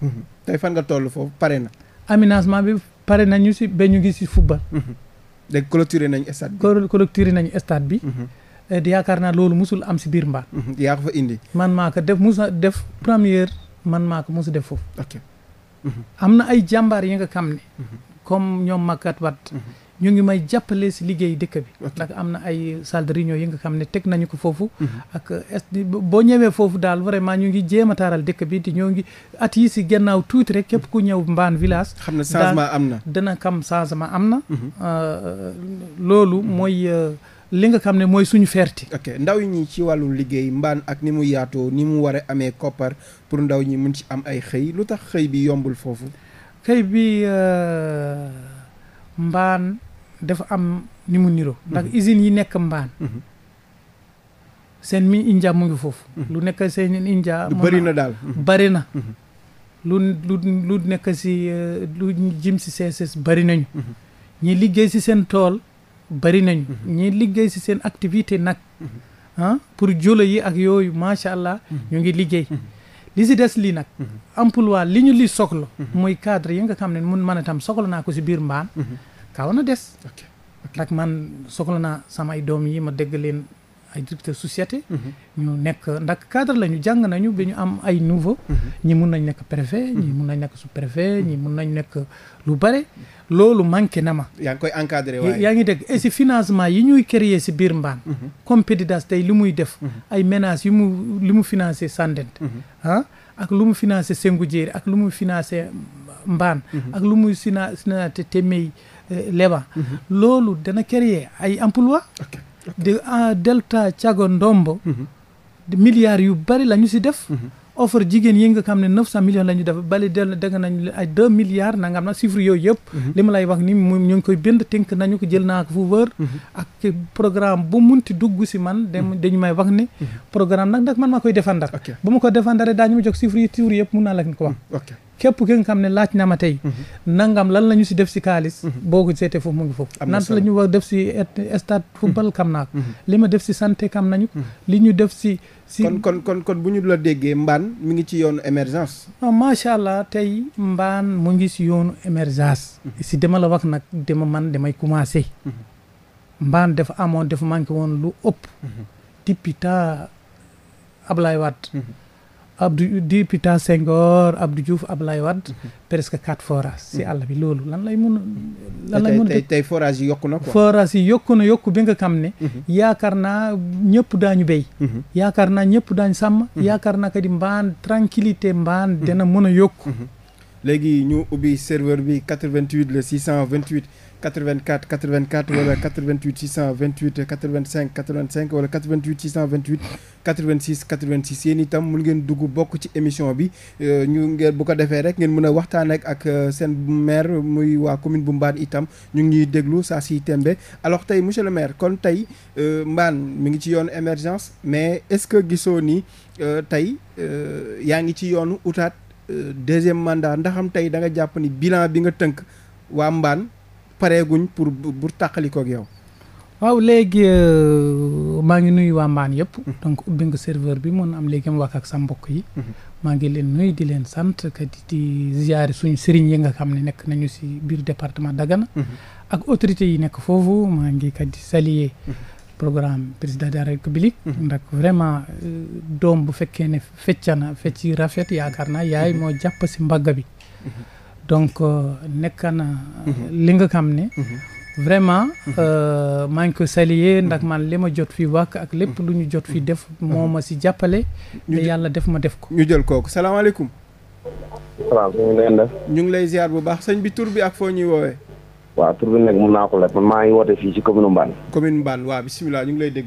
[SPEAKER 1] tey fan nga toll foofu
[SPEAKER 2] pare na aménagement bi pare nañu si ba ñu ngi si football léegi clôturer nañu stade bi clôturer nañu stade bi eh, yaakaar naa loolu musul am si biir Mbane yaa ko fa indi man maa ko def musa def première man maa ko mosu def foofu. ok mm-hmm. am na ay jàmbaar yi nga xam ne. Mm-hmm. comme ñoom Magatte Wade mm-hmm. ñu ngi may jàppale si liggéey dëkk bi. ndax am na ay salle de yi nga xam ne teg nañu ko foofu. ak boo ñëwee foofu daal vraiment ñu ngi jéem a dëkk bi te ñoo ngi at yi si gannaaw tuuti rek képp ku ñëw mbaan village. xam ne changement am
[SPEAKER 1] na dana kam changement am na. Euh, loolu mooy. Euh, li nga xam ne mooy suñu ferti ok ndaw ñi ci wàllu liggéey mbaan ak ni mu yaatoo ni mu war a amee koppar pour ndaw ñi mun ci am ay xëy lu tax xëy bi yombul foofu xëy bi
[SPEAKER 2] euh, mbaan dafa am ni mu niroo mhm. ndax usines yi nekk mbaan mhm. seen mi india mu ngi foofu mhm. lu nekk seen india bari na daal bari na lu lu nekk si euh, lu jëm si CSS bari nañu ñi liggéey si seen tool bari nañu. Mhm. ñi liggéey si seen activité nag. Mhm. ah pour jula yi ak yooyu macha allah. Mhm. ñu ngi liggéey. li ci des lii nag. emploi li ñu li soxla. mooy cadre yi nga xam ne mun man itam soxla naa ko ci biir mbaan. kaw na des. ndax man soxla naa samay doom yi ma dégg leen. ay directeur société mhm. ñu nekk ndax cadre la ñu jàng nañu bi ñu am ay niveau mhm. ñi mun nañ nekk préfet ñi mhm. mun nañ nekk sous-préfet ñi mun nañ nekk lu bare loolu manqué na ma
[SPEAKER 1] yaa ngi koy encadré waaye yaa
[SPEAKER 2] ngi dégg si financement yi ñuy créer si biir mbaan comme tey li muy def ay ménages yu mu li mu financé Sandent ah ak lu mu financé Sengu Jéeri ak lu mu financé mbaan ak lu muy sina sinaate Temey eh, Leba loolu dana créer ay emploi de en ah, delta Thiago Ndombo mhm. milliards yu bari la ñu si def mhm. offre jigéen yi nga xam ne neuf cent millions la ñu def bali del dégg nañu ay deux milliards na nga na chiffre yooyu yëpp mhm. li ma lay wax ni mu ñu ngi koy bend tënk nañu ko jël naa ko fu ver ak programme bu munti dugg si man dem dañu may wax ni programme nag nag man ma koy défendre bu ma ko défendre daañu ma jox chiffre yi tiwr yëpp mun naa la ko wax képp ki nga xam ne laaj na ma tey mhm. nangam lan la ñu si def si kaalis mhm. boo ko seetee foofu mu ngi foofu nant la ñu war def si stade mhm. football xam naa
[SPEAKER 1] li ma def si santé kam nañu li ñu def si si kon kon kon bu ñu la déggee mbaan mu ngi ci yoonu émergence
[SPEAKER 2] non ah, macha allah tey mbaan mu ngi si yoonu émergence si dama la wax nag dama man demay commencé mbaan dafa amoon dafa manqué woon lu ëpp depuis ta Ablaye Wade Abdou depuis temps Senghor Abdou Diouf Abdoulaye Wade mhm. presque quatre forages si mhm. àll bi loolu
[SPEAKER 1] lan lay mun lan lay mun tey tey forage yi yokku na quoi
[SPEAKER 2] yi yokku na yokku bi nga xam ne mhm. yaakaar naa ñëpp daañu béy yaakaar naa ñëpp daañu sàmm yaakaar naa kadi mbaan
[SPEAKER 1] tranquillité mbaan dana mën a yokku léegi ñu ubbi serveur bi 88 le 628 84 84 wala 88 628 85 85 wala 88 628 86 86 yéen itam mun ngeen dugg bokk ci émission bi euh, ñu ngeen bu ko defee rek ngeen mën a waxtaan ak euh, seen maire muy waa commune bu Mbane itam ñu ngi ñuy déglu saa si tembe alors tey monsieur le maire kon tey euh, Mbane mi ngi ci yoonu émergence mais est-ce que gisoo ni tey yaa ngi ci yoonu utaat deuxième mandat ndaxam tey da nga jàpp ni bilan bi nga tënk waa Mbane pareeguñ pour bu pour tàqalikoog yow. waaw léegi
[SPEAKER 2] euh, maa ngi nuyu waa Mbane yëpp. Mhm. donc ubbi nga serveur bi mun am léegi mu wax ak sa yi. Mhm. maa ngi leen nuyu di leen sant que di ziare suñu sëriñ yi nga xam ne nekk nañu si biir département Dagana. Mhm. ak autorités yi nekk foofu maa ngi kat di saluer. programme président de la république ndax vraiment euh, doom bu fekkee ne fecca na fecc rafet yaakaar naa yaay moo jàpp si mbagga bi. donc euh, nekk na mhm. li nga xam ne mhm. vraiment mhm. Euh, maa ngi ko saluer ndax man li ma jot fii wàkk ak lépp lu ñu jot fii def moo ma si jàppale te yàlla def ma def ko ñu
[SPEAKER 1] jël kooku salaamaaleykum waaw ñu ngi lay ziar bu baax sëñ bi tur bi ak foo
[SPEAKER 3] ñuy woowee waaw tur bi nekk mun naa ko laaj maa ngi woote fii ci communo Mbane
[SPEAKER 1] commune Mbane waaw bisimilah ñu ngi lay dégg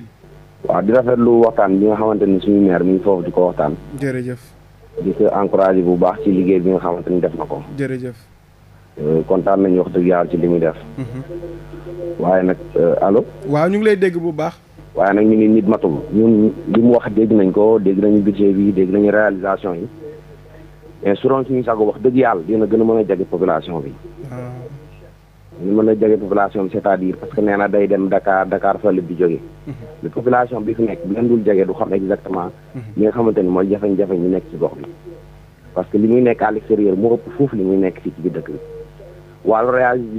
[SPEAKER 3] waaw di rafetlu waxtaan bi nga xamante ni suñu maire mi ngi foofu di ko waxtaan jërëjëf di ko yi bu baax ci liggéey bi nga xamante ni def na ko. jërëjëf. Euh, kontaan nañu wax dëgg yàlla ci li muy def. Mhm. waaye nag euh, alo waaw ñu ngi lay dégg bu baax. waaye nag ñu ngi nit matul lu li mu wax dégg nañ ko dégg nañu budget bi dégg nañu réalisation yi mais su doon suñu sago wax dëgg yàlla dina gën a mën a jage population bi. Ah. ñu mën a jege population bi c'est-à-dire parce que nee na day dem Dakar Dakar fa la di jóge mhm. mais population bi fi nekk bi leen dul jege du xam exactement mhm. li nga xamante ni mooy jafe-jafe ñu nekk ci gox parce que li muy nekk à l'extérieur moo ëpp fuuf li muy nekk fii ci dëkk bi wàllu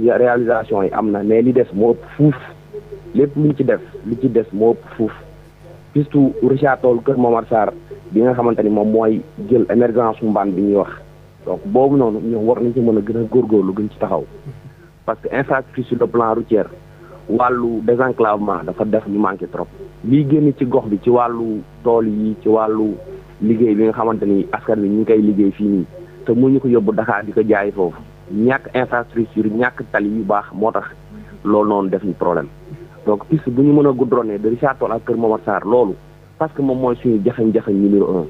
[SPEAKER 3] réalisation yi am na mais li des moo ëpp fuuf lépp luñ ci def li ci des moo ëpp fuuf surtout Richard Toll Kër Momar Sarr bi nga xamante ni moom mooy jël émergence mbaan bi ñuy wax donc boobu noonu ñoom war nañ ci mën a gën a góor góorgóorlu gën ci taxaw mhm. parce que infrastructure sur le plan routier wàllu désenclavement dafa def ñu manqué trop liy génn ci gox bi ci wàllu tool yi ci wàllu liggéey bi nga xamante ni askan bi ñu ngi koy liggéey fii nii te mu ñu ko yóbbu Dakar di ko jaay foofu ñàkk infrastructure ñàkk tali yu baax moo tax loolu noonu def ñu problème donc piste bu ñu mën a goudronné de Richard Toll ak Kër Momar saar loolu parce que moom mooy suñu jaxañ-jaxañ numéro un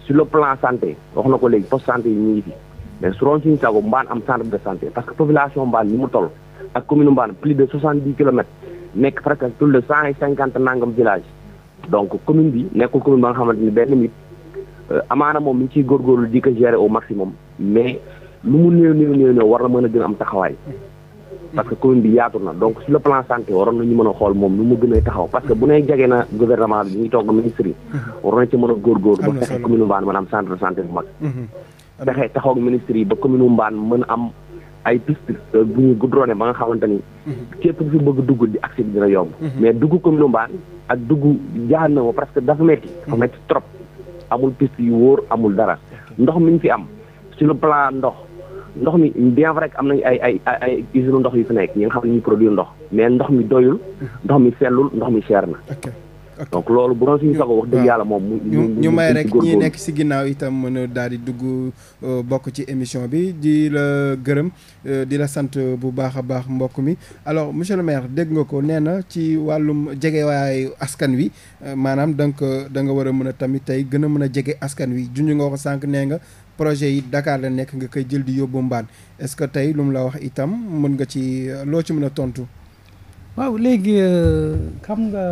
[SPEAKER 3] sur le plan santé wax na ko léegi poste santé yi ñu ngi mais su roon suñu sago mbaan am centre de santé parce que population mbaan ni mu toll ak commune mbaan plus de 70 kilomètres nekk presque plus de cent et cinquante nangam village donc commune bi nekkul commune ba nga xamante ni benn nit euh, amaana moom mi ngi ciy góorgóorlu di ko gérer au maximum mais lu mu néew néew néew néew war na mën a gën a am taxawaay parce que commune bi yaatu na donc sur le plan santé waroon nañu mën a xool moom nu mu gën a taxaw parce que bu ne jege na gouvernement bi ñu toog fexe taxaw ak ministre yi ba commune Mbane mën am ay piste bu ñu goudronné ba nga xamante ni. Mhm. képp ku fi bëgg dugg di accès dina yomb. Mhm. mais duggu commune Mbane ak dugg jaaxal na ma parce que dafa metti dafa mhm. metti trop amul piste yu wóor amul dara ndox mi ñu fi am si le plan ndox. ndox mi bien vrai am nañu ay ay ay usine ndox yu fi nekk ñi nga xam ne ñu produire ndox mais ndox mi doyul ndox mi sellul ndox mi cher na donc loolu bu doon suñu sago wax moom. ñu ñu may rek ñi nekk
[SPEAKER 1] si ginnaaw itam mën a daal di dugg euh, bokk ci émission bi di la gërëm euh, di la sant bu baax a baax mbokk mi alors monsieur le maire dégg nga ko nee na ci wàllum jegewaayu askan wi euh, maanaam donc da nga war a mën a tamit tey gën a mën a jege askan wi junj nga ko sànq nee nga. projet yi dakaar la nekk nga koy jël di yóbbu mbaan est-ce que tey lu mu la wax itam mën nga ci loo ci mën a tontu. waaw léegi euh, xam nga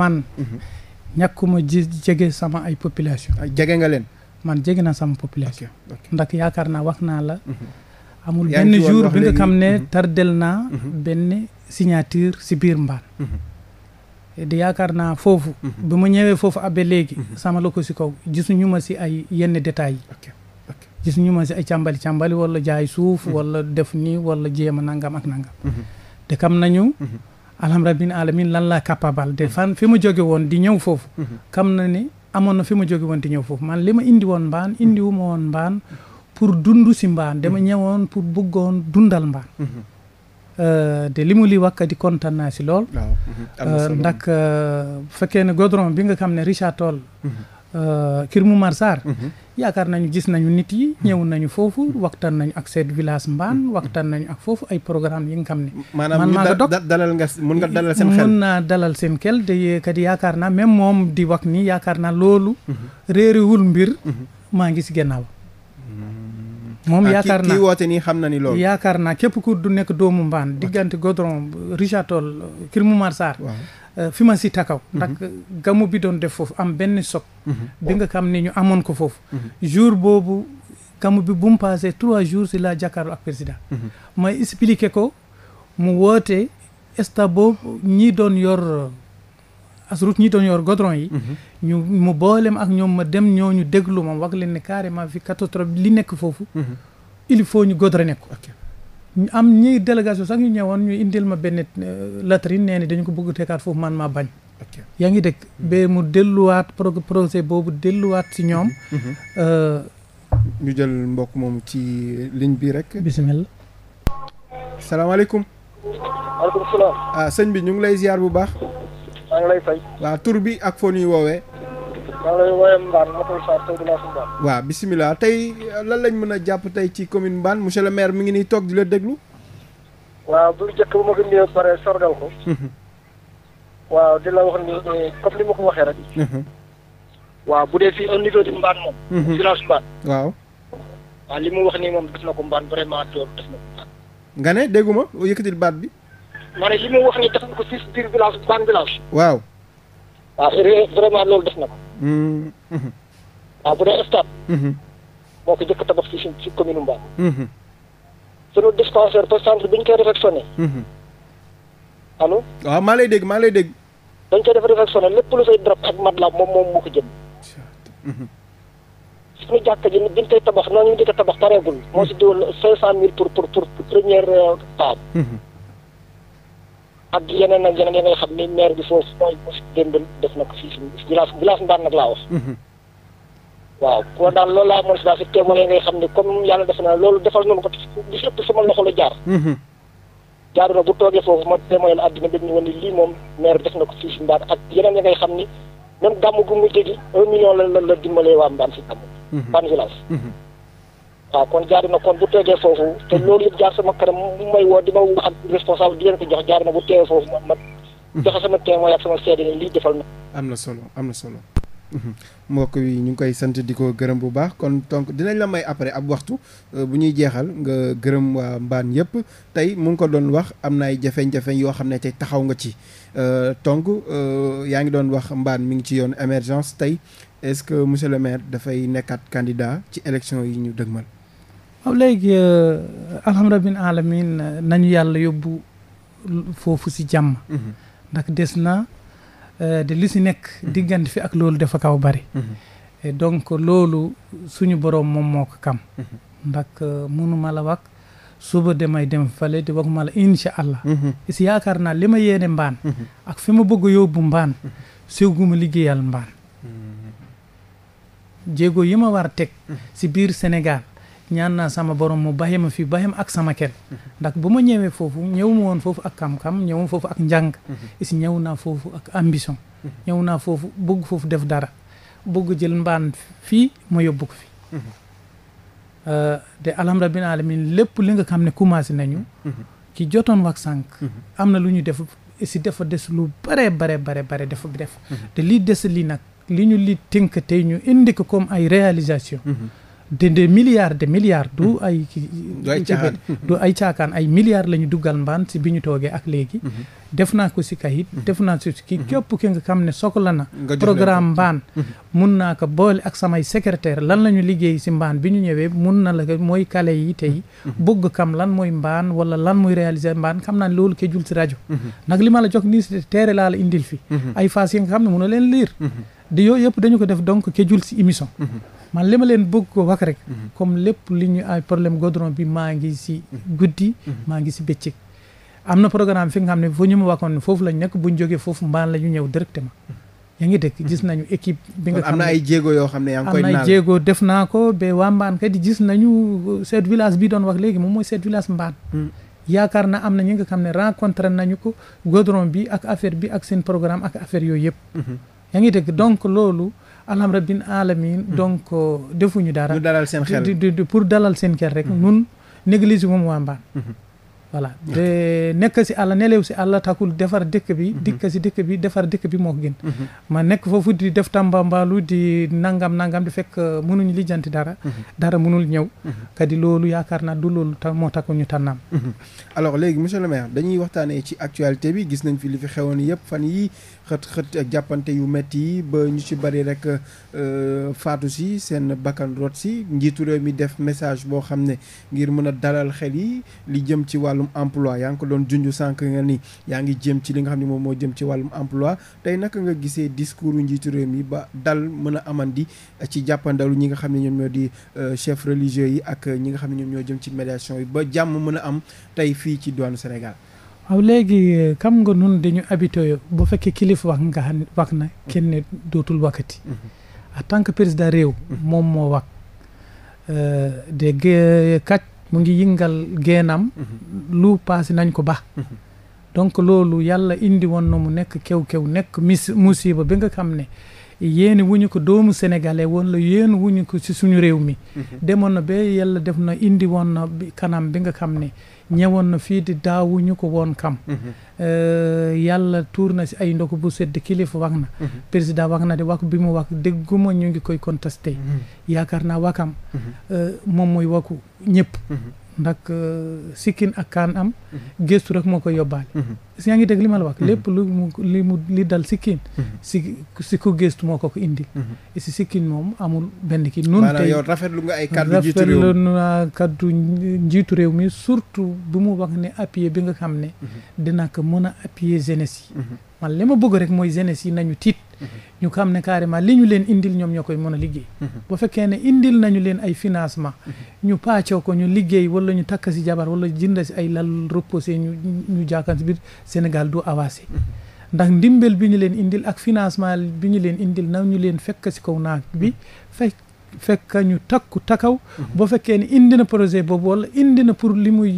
[SPEAKER 2] man. Mhm. ñàkkuma ji jege sama ay population. Ah, jege nga leen. man jege naa sama population. ndax yaakaar naa wax naa la. Mhm. amul benn jour bi nga xam ne mhm. tardel naa. benn signature si biir mbaan. di yaakaar naa foofu. bi mu ñëwee foofu abe léegi. sama la ko si kaw gisuñu ma si ay yenn détails yi. gisuñu ma si ay càmbali càmbali walla jaay suuf. walla def nii wala jéem a nangam ak nangam. te xam nañu. alhamdulilah alamin lan laa capable de fan fi ma joge woon di ñëw foofu mhm. xam na ni amoon na fi ma jóge woon di ñëw foofu man li ma indi woon mbaan indi wu ma mbaan pour dundu si mbaan dama mhm. ñëwoon pour bëggoon dundal mbaan mhm. euh, de li mu li wax di naa si lool euh, ndax euh, fekkee ne goudron bi nga xam ne Richard Toll Euh, Kër Momar Sarr mhm. yaakaar nañu gis nañu nit yi mhm. ñëw nañu foofu waxtaan nañu ak seen village mbaan mhm. waxtaan nañu ak foofu ay programme yi
[SPEAKER 1] nga xam ne maanaam maa nga dog dalal nga mun nga dalal seen xel mun
[SPEAKER 2] naa dalal seen xel te kat yaakaar na même moom di wax ni yaakaar na loolu réerewul mbir maa ngi si gannaaw
[SPEAKER 1] moom ah, yaakaar naa woote nii xam na ni loolu
[SPEAKER 2] yaakaar naa képp ku du nekk doomu mbaan diggante Godron Richard Toll Kër Momar Euh, fima ma si takaw mhm. ndax gamu bi doon def foofu am benn soc mhm. bi nga xam ne ñu amoon ko foofu mhm. jour boobu gamu bi bu mu passé trois jours si la jàkkaarloo ak président ma expliqué ko mu woote sta boobu ñii doon yor asrut ñi doon yor godron yi ñu mu boolem ak ñoom ma dem ñooñu déglu ma wax leen ne carrément fi catastrophe li nekk foofu il faut ñu nekk ko am ñiy délégation sax ñu ñëwoon ñu indil ma benn euh, latrine nee ni dañu ko bëgg teekaat foofu man maa bañ yaa ngi dégg mm-hmm. ba mu delluwaat projet boobu delluwaat si ñoom mm-hmm. Mm-hmm. Euh,
[SPEAKER 1] ñu jël mbokk moom ci ligne bi rek bismillah salaamaaleykum ah, sëñ bi ñu ngi lay ziar bu baax maa ngi tur bi ak foo nuy woowee
[SPEAKER 4] maa ngi lay woowee Mbane Matar Sarr tey village Mbane. waaw
[SPEAKER 1] bisimilah tey lan lañ mën a jàpp tey ci commune Mbane monsieur le maire mi ngi ni toog di la déglu.
[SPEAKER 4] waaw bu njëkk bu ma ko nuyoo pare sorgal ko. Mhm. waaw di la wax ni li eh, ma ko waxee rek. Mhm. waaw bu dee fii au niveau de Mbane moom. Mhm. village Mbane. waaw. waaw li mu wax nii moom def na ko Mbane vraiment tool
[SPEAKER 1] nga ne dégguma yëkkatil baat bi.
[SPEAKER 4] ma ne li mu wax nii ko fii si biir village Mbane village. waaw. waaw vraiment loolu def na ko.
[SPEAKER 1] waaw
[SPEAKER 4] ah, bu dee stade. moo ko jëkk tabax fii ci commune Mbao. sunu dispensaire pour centre bi ñu koy réfectionné. allo. waaw maa lay dégg maa lay dégg. dañ koy def réfectionné lépp lu fay drap ak matelas moom moom moo ko jëm. suñu jàkka ji ni biñ koy tabax noonu ñu di tabax pareegul. moo si diwoon cinq cent mille pour pour pour première euh, phase. ak yeneen ak yeneen yi nga xam ni maire bi foofu mooy mosu démb def na ko fii si village village Ndane nag laa wax. Mhm. waaw koo daan loolu laa mën si daal si témoin ngay xam ni comme yàlla def na loolu defal nañu ko li si ëpp sama loxo la jaar. Mhm. jaaru na bu toogee foofu ma témoin la àddina bi ñu woon ni lii moom maire def na ko fii si Ndane ak yeneen yi ngay xam ni même gàmm gu mujj gi un million la la la dimbalee waa Ndane si gàmm.
[SPEAKER 5] Ndane mhm.
[SPEAKER 4] waaw kon jaadu na kon bu tegee foofu te loolu jaar sama kanam mu may woo di ma wax ak responsable di leen ma
[SPEAKER 1] am na solo am na solo mhm. mbokk yi ñu ngi koy sant di ko gërëm bu baax kon donc dinañ la may après ab waxtu euh, bu ñuy jeexal nga gërëm waa mbaan yëpp tey mu ngi ko doon wax am na ay jafe yoo xam ne tey taxaw nga ci euh, donc euh, yaa ngi doon wax mbaan mi ngi ci yoon émergence tey est-ce que monsieur le maire dafay nekkaat candidat ci élection yi ñu dëgmal
[SPEAKER 2] waaw léegi euh, alhamdu rabbil alamin nañu yàlla yóbbu foofu si jàmm mhm. ndax des na euh, de li si nekk mhm. diggante fi ak loolu dafa kaw bari mhm. donc loolu suñu boroom moom moo ko kam ndax euh, mënuma la wax suba damay dem fale te waxuma la incha allah si yaakaar naa li ma yéene mbaan ak fi ma bëgg yóbbu mbaan seguma liggéeyal mbaan jéego yi ma war a teg si biir Sénégal ñaan naa sama borom mu baxe ma fii baxe ma ak sama ker ndax bu ma ñëwee foofu ñëw ma woon foofu ak xam-xam ñëw ma foofu ak njàng isi ñëw naa foofu ak ambition ñëw naa foofu bëgg foofu def dara bëgg jël mbaan fii ma yóbbu ko fi euh, te alhamdulilah rabbil alamin lépp li nga xam ne commencé nañu ki jotoon wax sànq am na lu ñu def si dafa des lu bare bare bare bare dafa def te lii des lii nag li ñu li tënk tey ñu indi ko comme ay réalisation des des de milliards du ay du ay caakaan ay milliards la ñu duggal mbaan si bi ñu toogee ak léegi mhm. def naa ko si kayit mhm. def naa si ki mhm. képp ki nga xam ne soxla na programme mbaan mun naa ko boole ak samay secrétaire lan la ñu liggéey si mbaan bi ñu ñëwee mun na la mooy kale yi tey bëgg kam lan mooy mbaan wala lan mooy réaliser mbaan xam naa loolu ke jul si rajo nag li ma la jox nii si teere laa indil fi ay phase yi nga xam ne mun na leen liir di yooyu yëpp dañu ko def donc ke jul si émission man li ma leen bëgg ko wax rek mhm. comme lépp li ñu ay problème goudron bi maa ngi si mhm. guddi mhm. maa ngi si bëccëg am na programme fi nga xam ne foo ñu ma waxoon foofu lañ nekk buñ jógee foofu mbaan la ñu ñëw directement yaa ngi dégg gis nañu équipe bi nga xam ne am na ay jéego
[SPEAKER 1] yoo xam ne yaa am na ay
[SPEAKER 2] def naa ko ba waa mbaan kat gis nañu seet euh, village bi doon wax léegi moom mooy seet village mbaan yaakaar na am na ñi nga xam ne rencontré nañu ko godron bi ak affaire bi ak seen programme ak affaire yooyu yëpp yaa ngi dégg donc loolu alham rabbin alamin hmm. donc euh, defuñu dara ñu dalal seen xel pour dalal seen xel rek hmm. nun néglige moom waa mbaan hmm. voilà nekk si àll nelew si àll takul defar dëkk bi dikk si dëkk bi defar dëkk bi moo gën ma nekk foofu di def tambambaalu di nangam nangam di fekk euh, mënuñ lijjanti dara dara mënul ñëw kadi loolu yaakaar naa du loolu ta moo takku ñu tànnaam
[SPEAKER 1] alors léegi monsieur le maire dañuy waxtaanee ci actualité bi gis nañ fi li fi xewoon yëpp fan yii xët xët ak jàppante yu métti yi ba ñu ci bari rek euh, faatu si seen bakkan rot si njiitu réew mi def message boo xam ne ngir mën a dalal xel yi li jëm ci wàllum emploi yaa ngi ko doon junj sànq nga ni yaa ngi jëm ci li nga xam ne moom moo jëm ci wàllum emploi tey naka nga gisee discours njiitu réew mi ba dal mën a amandi ci jàppandalu ñi nga xam ne ñoom ñoo di euh, chef religieux yi ak ñi nga xam ne ñoom ñoo jëm ci médiation yi ba jàmm mën a am tey fii ci diwaanu Sénégal
[SPEAKER 2] aw léegi kam nga nun dañu habitué bu fekkee kilifa wax nga xam wax na mm-hmm. kenn dootul wakkati mm-hmm. en tant que président réew mm-hmm. moom moo wax euh, dégg kàcc mu ngi yëngal geenam lu paase nañ ko ba donc loolu yàlla indi woon na mu nekk kew kew nekk mis musiba bi nga xam ne yéen wuñu ko doomu sénégalais woon la yéen wuñu ko si suñu réew mi mhm. demoon na ba yàlla def na indi woon na kanam bi nga xam ne ñëwoon na fii di daawuñu ko woon kam mhm. euh, yàlla tuur na si ay ndoko bu sedd kilifa wax na mhm. président wax na de wax bi mu wax dégguma ñu ngi koy contesté yaakaar naa wakam euh, moom mooy waku ñëpp ndax euh, sikkin ak kaan am mhm. gëstu rek moo koy yóbbaale mhm. si yaa ngi dégg li ma la wax mhm. lépp lu mu li dal sikkin si si ku gëstu moo ko ko indi si sikkin moom amul benn kii nun tey yow rafetlu nga ay rafetlu kaddu njiitu réew mi surtout bu mu wax ne appuyer bi nga xam ne dina ko mën a appuyer jeunesse man li ma bëgg rek mooy jeunesse yi nañu tiit mhm. ñu xam ne carrément li ñu leen indil ñoom ñoo koy mën a liggéey mhm. boo fekkee ne indil nañu leen ay financement mhm. ñu paacoo ko ñu liggéey wala ñu takk si jabar wala jënd si ay lal reposé ñu ñu jàkkaan si Sénégal du avancé ndax ndimbal bi ñu leen indil ak financement bi ñu leen indil na ñu leen fekk si kaw naak bi fekk fekk ñu takku takaw boo fekkee ne indi na projet boobu wala indi na pour li muy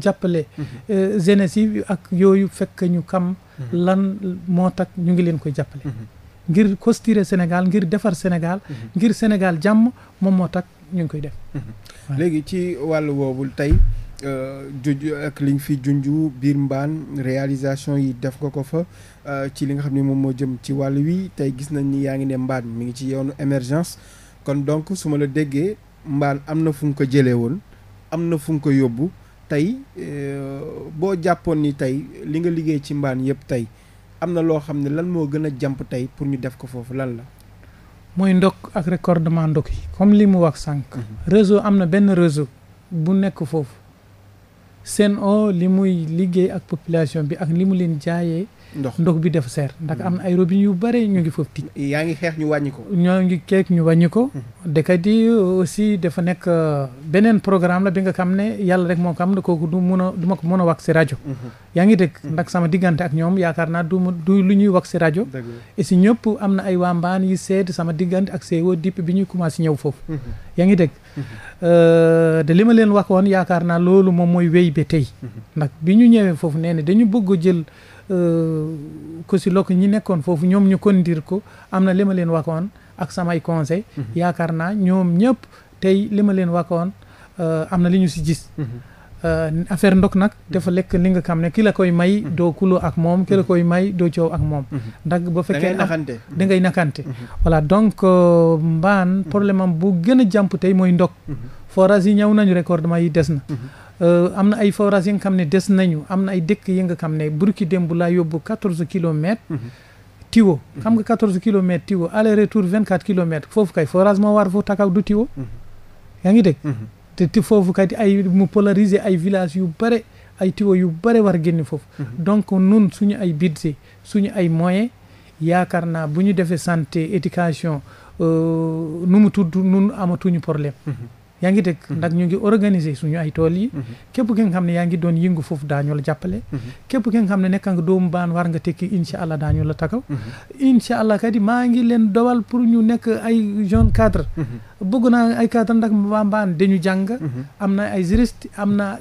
[SPEAKER 2] jàppale euh, jeunesse yi ak yooyu fekk ñu kam Mhm. lan moo tax ñu ngi leen koy jàppale mhm. ngir costuré Sénégal ngir defar Sénégal mhm. ngir Sénégal jàmm moom moo tax ñu ngi koy def
[SPEAKER 1] léegi ci wàll woowu tey euh, juj ak liñ fi junj biir mbaan réalisation yi def nga ko fa euh, ci li nga xam ne moom moo jëm ci wàll wi tey gis nañ ni yaa ngi ne mbaan mi ngi ci yoonu émergence kon donc su ma la déggee mbaan am na fu nga ko jëlee woon am na fu nga ko yóbbu tey euh, boo jàppoon ni tey li nga liggéey ci mbaan yëpp tey am na loo xam ne lan moo gën a jàmp tey pour ñu def ko foofu lan la.
[SPEAKER 2] mooy ndokk ak raccordement ndokk yi comme li mu wax sànq. Mhm. réseau am na benn réseau bu nekk foofu. Sen'Eau li muy liggéey ak population bi ak li mu leen jaayee. ndox ndox bi dafa seer ndax am na ay robinet yu bare ñu ngi foofu tij yaa ngi xeex ñu wàññi ko ñoo ngi keeg ñu wàññi ko hmm. dëkkat yi aussi dafa nekk euh, beneen programme la bi nga xam ne yàlla rek moo ko am ne kooku du mun a du ma ko mën a wax si rajo hmm. yaa ngi dégg hmm. ndax sama diggante ak ñoom yaakaar naa du du lu ñuy wax si rajo et si ñëpp am na ay wàmbaan yi seed sama diggante ak sewo dipp bi ñuy commencé ñëw foofu yaa ngi dégg euh, de li ma leen waxoon yaakaar naa loolu moom mooy wéy ba tey ndax bi ñu ñëwee foofu nee ne dañu bëgg jël Euh, ko si lokk ñi nekkoon foofu ñoom ñu kondir ko am na li ma leen waxoon ak samay conseil mhm. yaakaar naa ñoom ñëpp tey li ma leen waxoon euh, am na li ñu si gis mhm. euh, affaire ndok nag dafa mhm. lekk li nga xam ne ki la koy may doo kuloo ak moom ki la koy may doo coow ak moom ndax ba fekkee da ngay nakante voilà donc mbaan problème am bu gën a jàmp tey mooy ndok forage yi ñëw nañu recordement yi des na Euh, am na ay forage yi nga xam ne des nañu am na ay dëkk yi nga xam ne burki démb laa yóbbu quatorze kilomètres mhm. tiwo mhm. xam nga quatorze kilomètres tiwo aller retour vingt quatre kilomètres foofu kay forage moo war foofu takaw du tiwo mhm. yaa ngi dégg te foofu kay ay mu polariser ay village yu bare ay tiwo yu bare war génn foofu donc nun suñu ay bitse suñu ay moyens yaakaar naa bu ñu defee santé éducation euh, nu mu tudd nun amatuñu yaa ngi dégg ndax mhm. ñu ngi organiser suñu ay tool yi mhm. képp ki nga xam ne yaa ngi doon yëngu foofu daañu la jàppale mhm. képp ki nga xam ne nekk nga doomu baan war nga tekki incha allah daañu la takaw incha allah kadi maa ngi leen dowal pour ñu nekk ay jeune cadre bëgg na ay cadre ndax mbaa mbaan dañu jàng am na ay juriste am na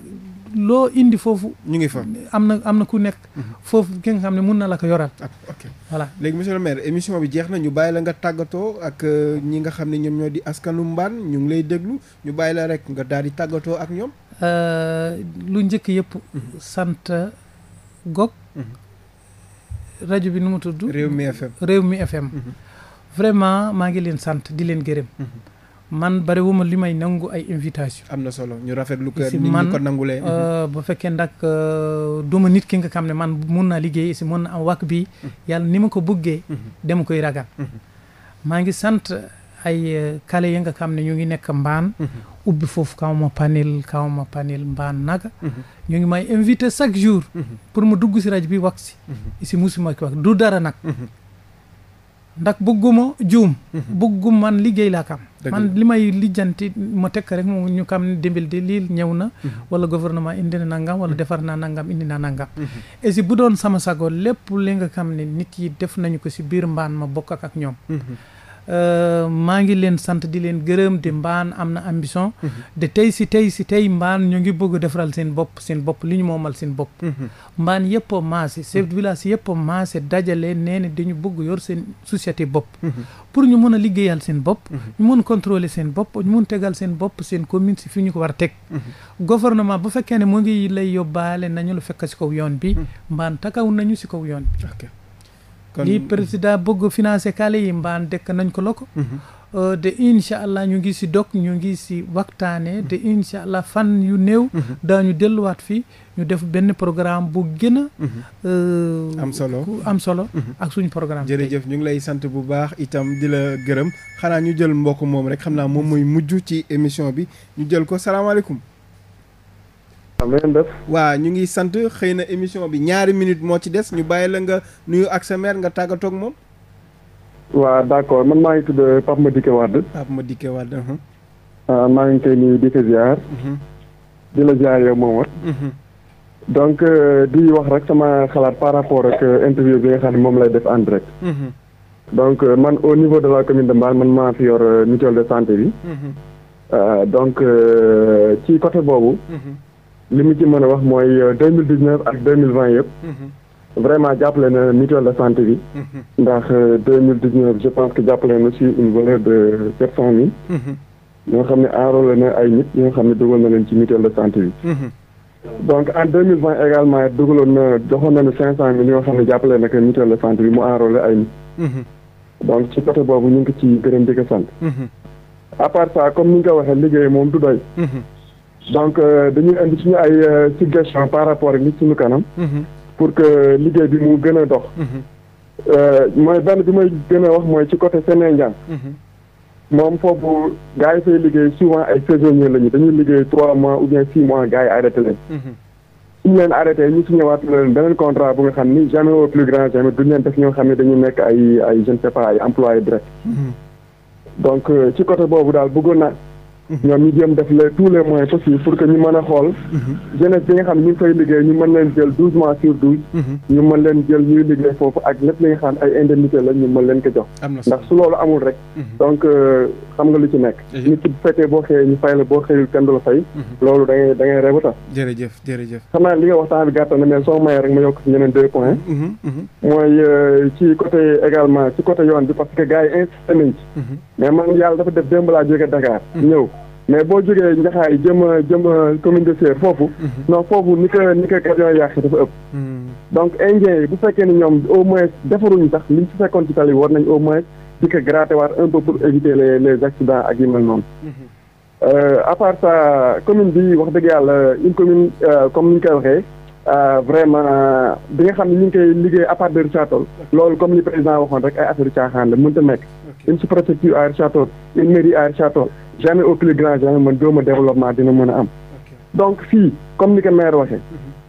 [SPEAKER 2] loo indi foofu.
[SPEAKER 1] ñu ngi fa am na
[SPEAKER 2] am na ku nekk. Mhm. foofu ki nga xam ne mun na la ko yoral. Ah, ok
[SPEAKER 1] voilà léegi monsieur le maire émission bi jeex na ñu bàyyi la nga tàggatoo ak euh, ñi nga xam ne ñoom ñoo di askanu mban ñu ngi lay déglu ñu bàyyi la rek nga daal di tàggatoo ak ñoom.
[SPEAKER 2] Euh, lu njëkk yëpp. Mhm. sant Gog. Mhm. rajo bi nu mu tudd. Réew mi FM Réew mi FM. vraiment maa ngi leen sant di leen gërëm. man bariwuma li may nangu ay invitation am na solo ñu rafetlu ko nit ñi ko nangulee euh, mhm. bu fekkee nag euh, duma nit ki nga xam ne man mun naa liggéey si mun na am wàkk bi mhm. yàlla ni ma ko buggee dem mhm. koy ragal maa ngi sant ay euh, kale yi nga xam ne ñu ngi nekk mbaan ubbi foofu kawma panel kawma panel mbaan nag ñu ngi may invité chaque jour pour mu dugg si rajo bi wax si si musuma ki wax du dara nag ndax bëgguma juum mhm. bëggum man liggéey laa kam man li may lijjanti ma tekk rek mu ñu kam dimbil di lii ñëw na mhm. wala gouvernement indi nangam wala mhm. defar naa nangam indi naa nangam et si bu doon sama sago lépp li nga xam ne nit yi def nañu ko si biir mbaan ma bokk ak ak ñoom Euh, maa ngi leen sant di leen gërëm di mbaan am na ambition mm-hmm. de tey si tey si tey mbaan ñu ngi bëgg defaral seen bopp seen bopp li ñu moom moomal seen bopp mm-hmm. mbaan yëpp a maase chef de mm-hmm. village yëpp a maase dajale nee ne dañu bëgg yor seen société bopp pour ñu mun a liggéeyal seen bopp ñu mun contrôler seen bopp ñu mun tegal seen bopp seen commune si fi ñu ko war a teg gouvernement bu fekkee ne mu ngi lay yóbbaale nañu lu fekk si kow yoon bi mbaan takaw nañu si kaw yoon bi li président bëgg financé kaale yi mbaan dekk nañ ko loko mhm. euh, de allah ñu ngi si dog ñu ngi si waxtaane mhm. de allah fan yu néew mhm. daañu delluwaat fii ñu def benn
[SPEAKER 1] programme bu gën a euh, am solo am solo ak suñu programme jërëjëf ñu ngi lay sant bu baax itam di la gërëm xanaa ñu jël mbokk moom rek xam naa moom mooy mujj ci émission bi ñu jël ko salaamaaleykum waaw ñu ngi sant xëy na émission bi ñaari minute moo ci des ñu bàyyi la nga nuyu ak sa mère nga tàggatoo ak moom.
[SPEAKER 6] waaw d'accord man maa ngi tudd Pape Madické Wade.
[SPEAKER 1] Pape Madické Wade. Uh-huh.
[SPEAKER 6] Ah, maa ngi koy nuyu di ko ziar. Uh-huh. di la ziar yow moom wat uh-huh. donc euh, di wax rek sama xalaat par rapport ak euh, interview bi nga xam moom lay def en direct. donc euh, man au niveau de la commune de Mbal man maa fi yor mutuelle de santé bi. Ah, donc ci côté boobu. li mu ci mën a wax mooy euh, deux mille dix neuf ak deux mille vingt yëpp. Mhm. vraiment jàppale na mutuelle de santé bi. Mhm. ndax euh, deux mille dix neuf je pense que jàppale na aussi une valeur de sept cent mille. Mhm. ñoo xam ne enrôlé na ay nit ñoo xam ne dugal na leen ci mutuelle de santé bi. donc en deux mille vingt également dugaloon na joxoon na que mutuelle santé bi mu enrôlé ay nit. donc ci côté boobu ñu ngi ci gërëm di ko sant. à part comme ni nga ko waxee liggéey donc euh, dañuy indi suñu ay euh, suggestion par rapport ak li suñu kanam. Mhm. pour que liggéey bi mu gën a dox. Mhm. Euh, mooy benn bi may gën a wax mooy ci côté Sénégal. Mhm. moom foofu gars yi fay liggéey souvent ay saisonniers lañu dañuy liggéey trois mois ou bien six mois gars yi arrêté leen. suñ leen arrêté ñu si ñëwaat leen beneen contrat bu nga xam ni jamais au grand jamais duñ leen def ñoo xam ne dañu nekk ay ay je ne sais pas ay employés direct donc ci côté boobu daal bëggoon naa ñoom ñu jéem def les tous les moyens possibles pour que ñu mën a xool jeunesse bi nga xam ñu ngi liggéey ñu mën leen jël douze mois sur douze ñu mën leen jël ñuy liggéey foofu ak lépp li nga xam la ñu mën leen ko jox ndax su loolu amul rek mhm. donc euh, xam nga lu ci nekk mhm. nit ki bu fekkee boo xëyee ñu fay la boo xëyul kenn du la fay mhm. loolu da ngay rebuta
[SPEAKER 1] jërëjëf jërëjëf
[SPEAKER 6] xam li nga waxtaan bi gàttal mais soo mayee rek ma yokk si ñeneen deux points mooy euh, ci côté également ci côté yoon bi parce que gars yi insisté mais boo jógee Ndiakhare jëm jëm commune de Sèye foofu. Mhm. non foofu ni ko ni ko gardien yàq dafa ëpp. Mhm. donc indien yi bu fekkee ni ñoom au moins defaruñu sax liñ fi fekkoon ci tali war nañ au moins di ko gratter waat un peu pour éviter les accidents ak yu mel noonu. Mhm. Euh, à part commune bi wax dëgg yàlla une commune euh, comme ni ñu koy waxee. Euh, vraiment bi nga xam ne ñu ngi koy liggéey à part de Richard Toll loolu comme li président waxoon rek ay affaire caaxaan la mënut a nekk. une sous à Richard Toll une mairie à Richard jamais au plus grand jamais man dóomu développement dina mën a am. donc fii comme ni ko maire waxee.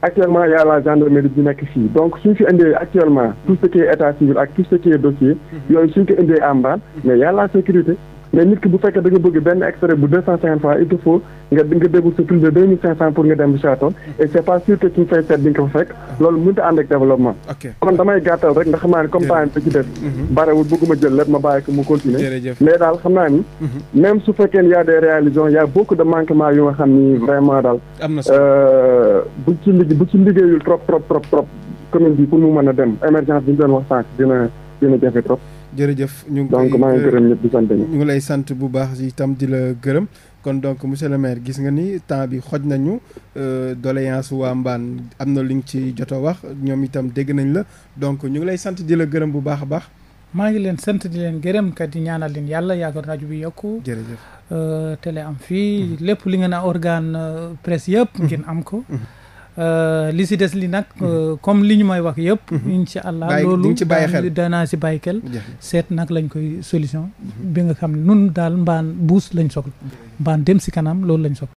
[SPEAKER 6] actuellement y a la gendarmerie bi nekk fii donc suñ fi indee actuellement. tout ce qui est état civil ak tout ce dossier. Mhm. yooyu suñ ko indee en bas mais y a la sécurité. mais nit ki bu fekkee da nga bëgg benn extrait bu deux cent cinquante francs il te faut nga nga débourser dem Bichaato et c' pas sûr que ki nga fekk loolu mënut a ànd ak développement kon damay gàttal rek ndax xam naa ne comme temps bi ci def bëgguma jël lépp ma bàyyi ko mu continuer mais daal xam naa ni mhm. même su fekkee y' a des réalisations y' a beaucoup de manquements yu nga xam ni mhm. vraiment daal euh, bu ci liggéey bu ci liggéeyul trop trop trop trop commune bi pour mu mën a dem émergence bi ñu doon wax sànq dina dina jafe trop
[SPEAKER 1] jërëjëf ñu ngi donc ñu ngi lay sant bu baax itam di la gërëm kon donc monsieur le maire gis nga ni temps bi xoj nañu euh, doléance waa Mbaan am na li nga ci jot wax ñoom itam dégg nañ la donc ñu ngi lay sant di la gërëm bu baax a baax
[SPEAKER 2] maa ngi leen sant di leen gërëm kat di ñaanal leen yàlla yàggal rajo bi yokku jërëjëf euh, télé am fii lépp li nga ngeen a organe euh, presse yëpp ngeen am ko mm-hmm. Euh, li si des li nag euh, comme li ñu may wax yëpp mhm. incha allah loolu danaa si bàyyi xel seet nag lañ koy solution mhm. bi nga xam ne nun daal mbaan buus lañ soxla mhm. mbaan dem si kanam loolu lañ soxla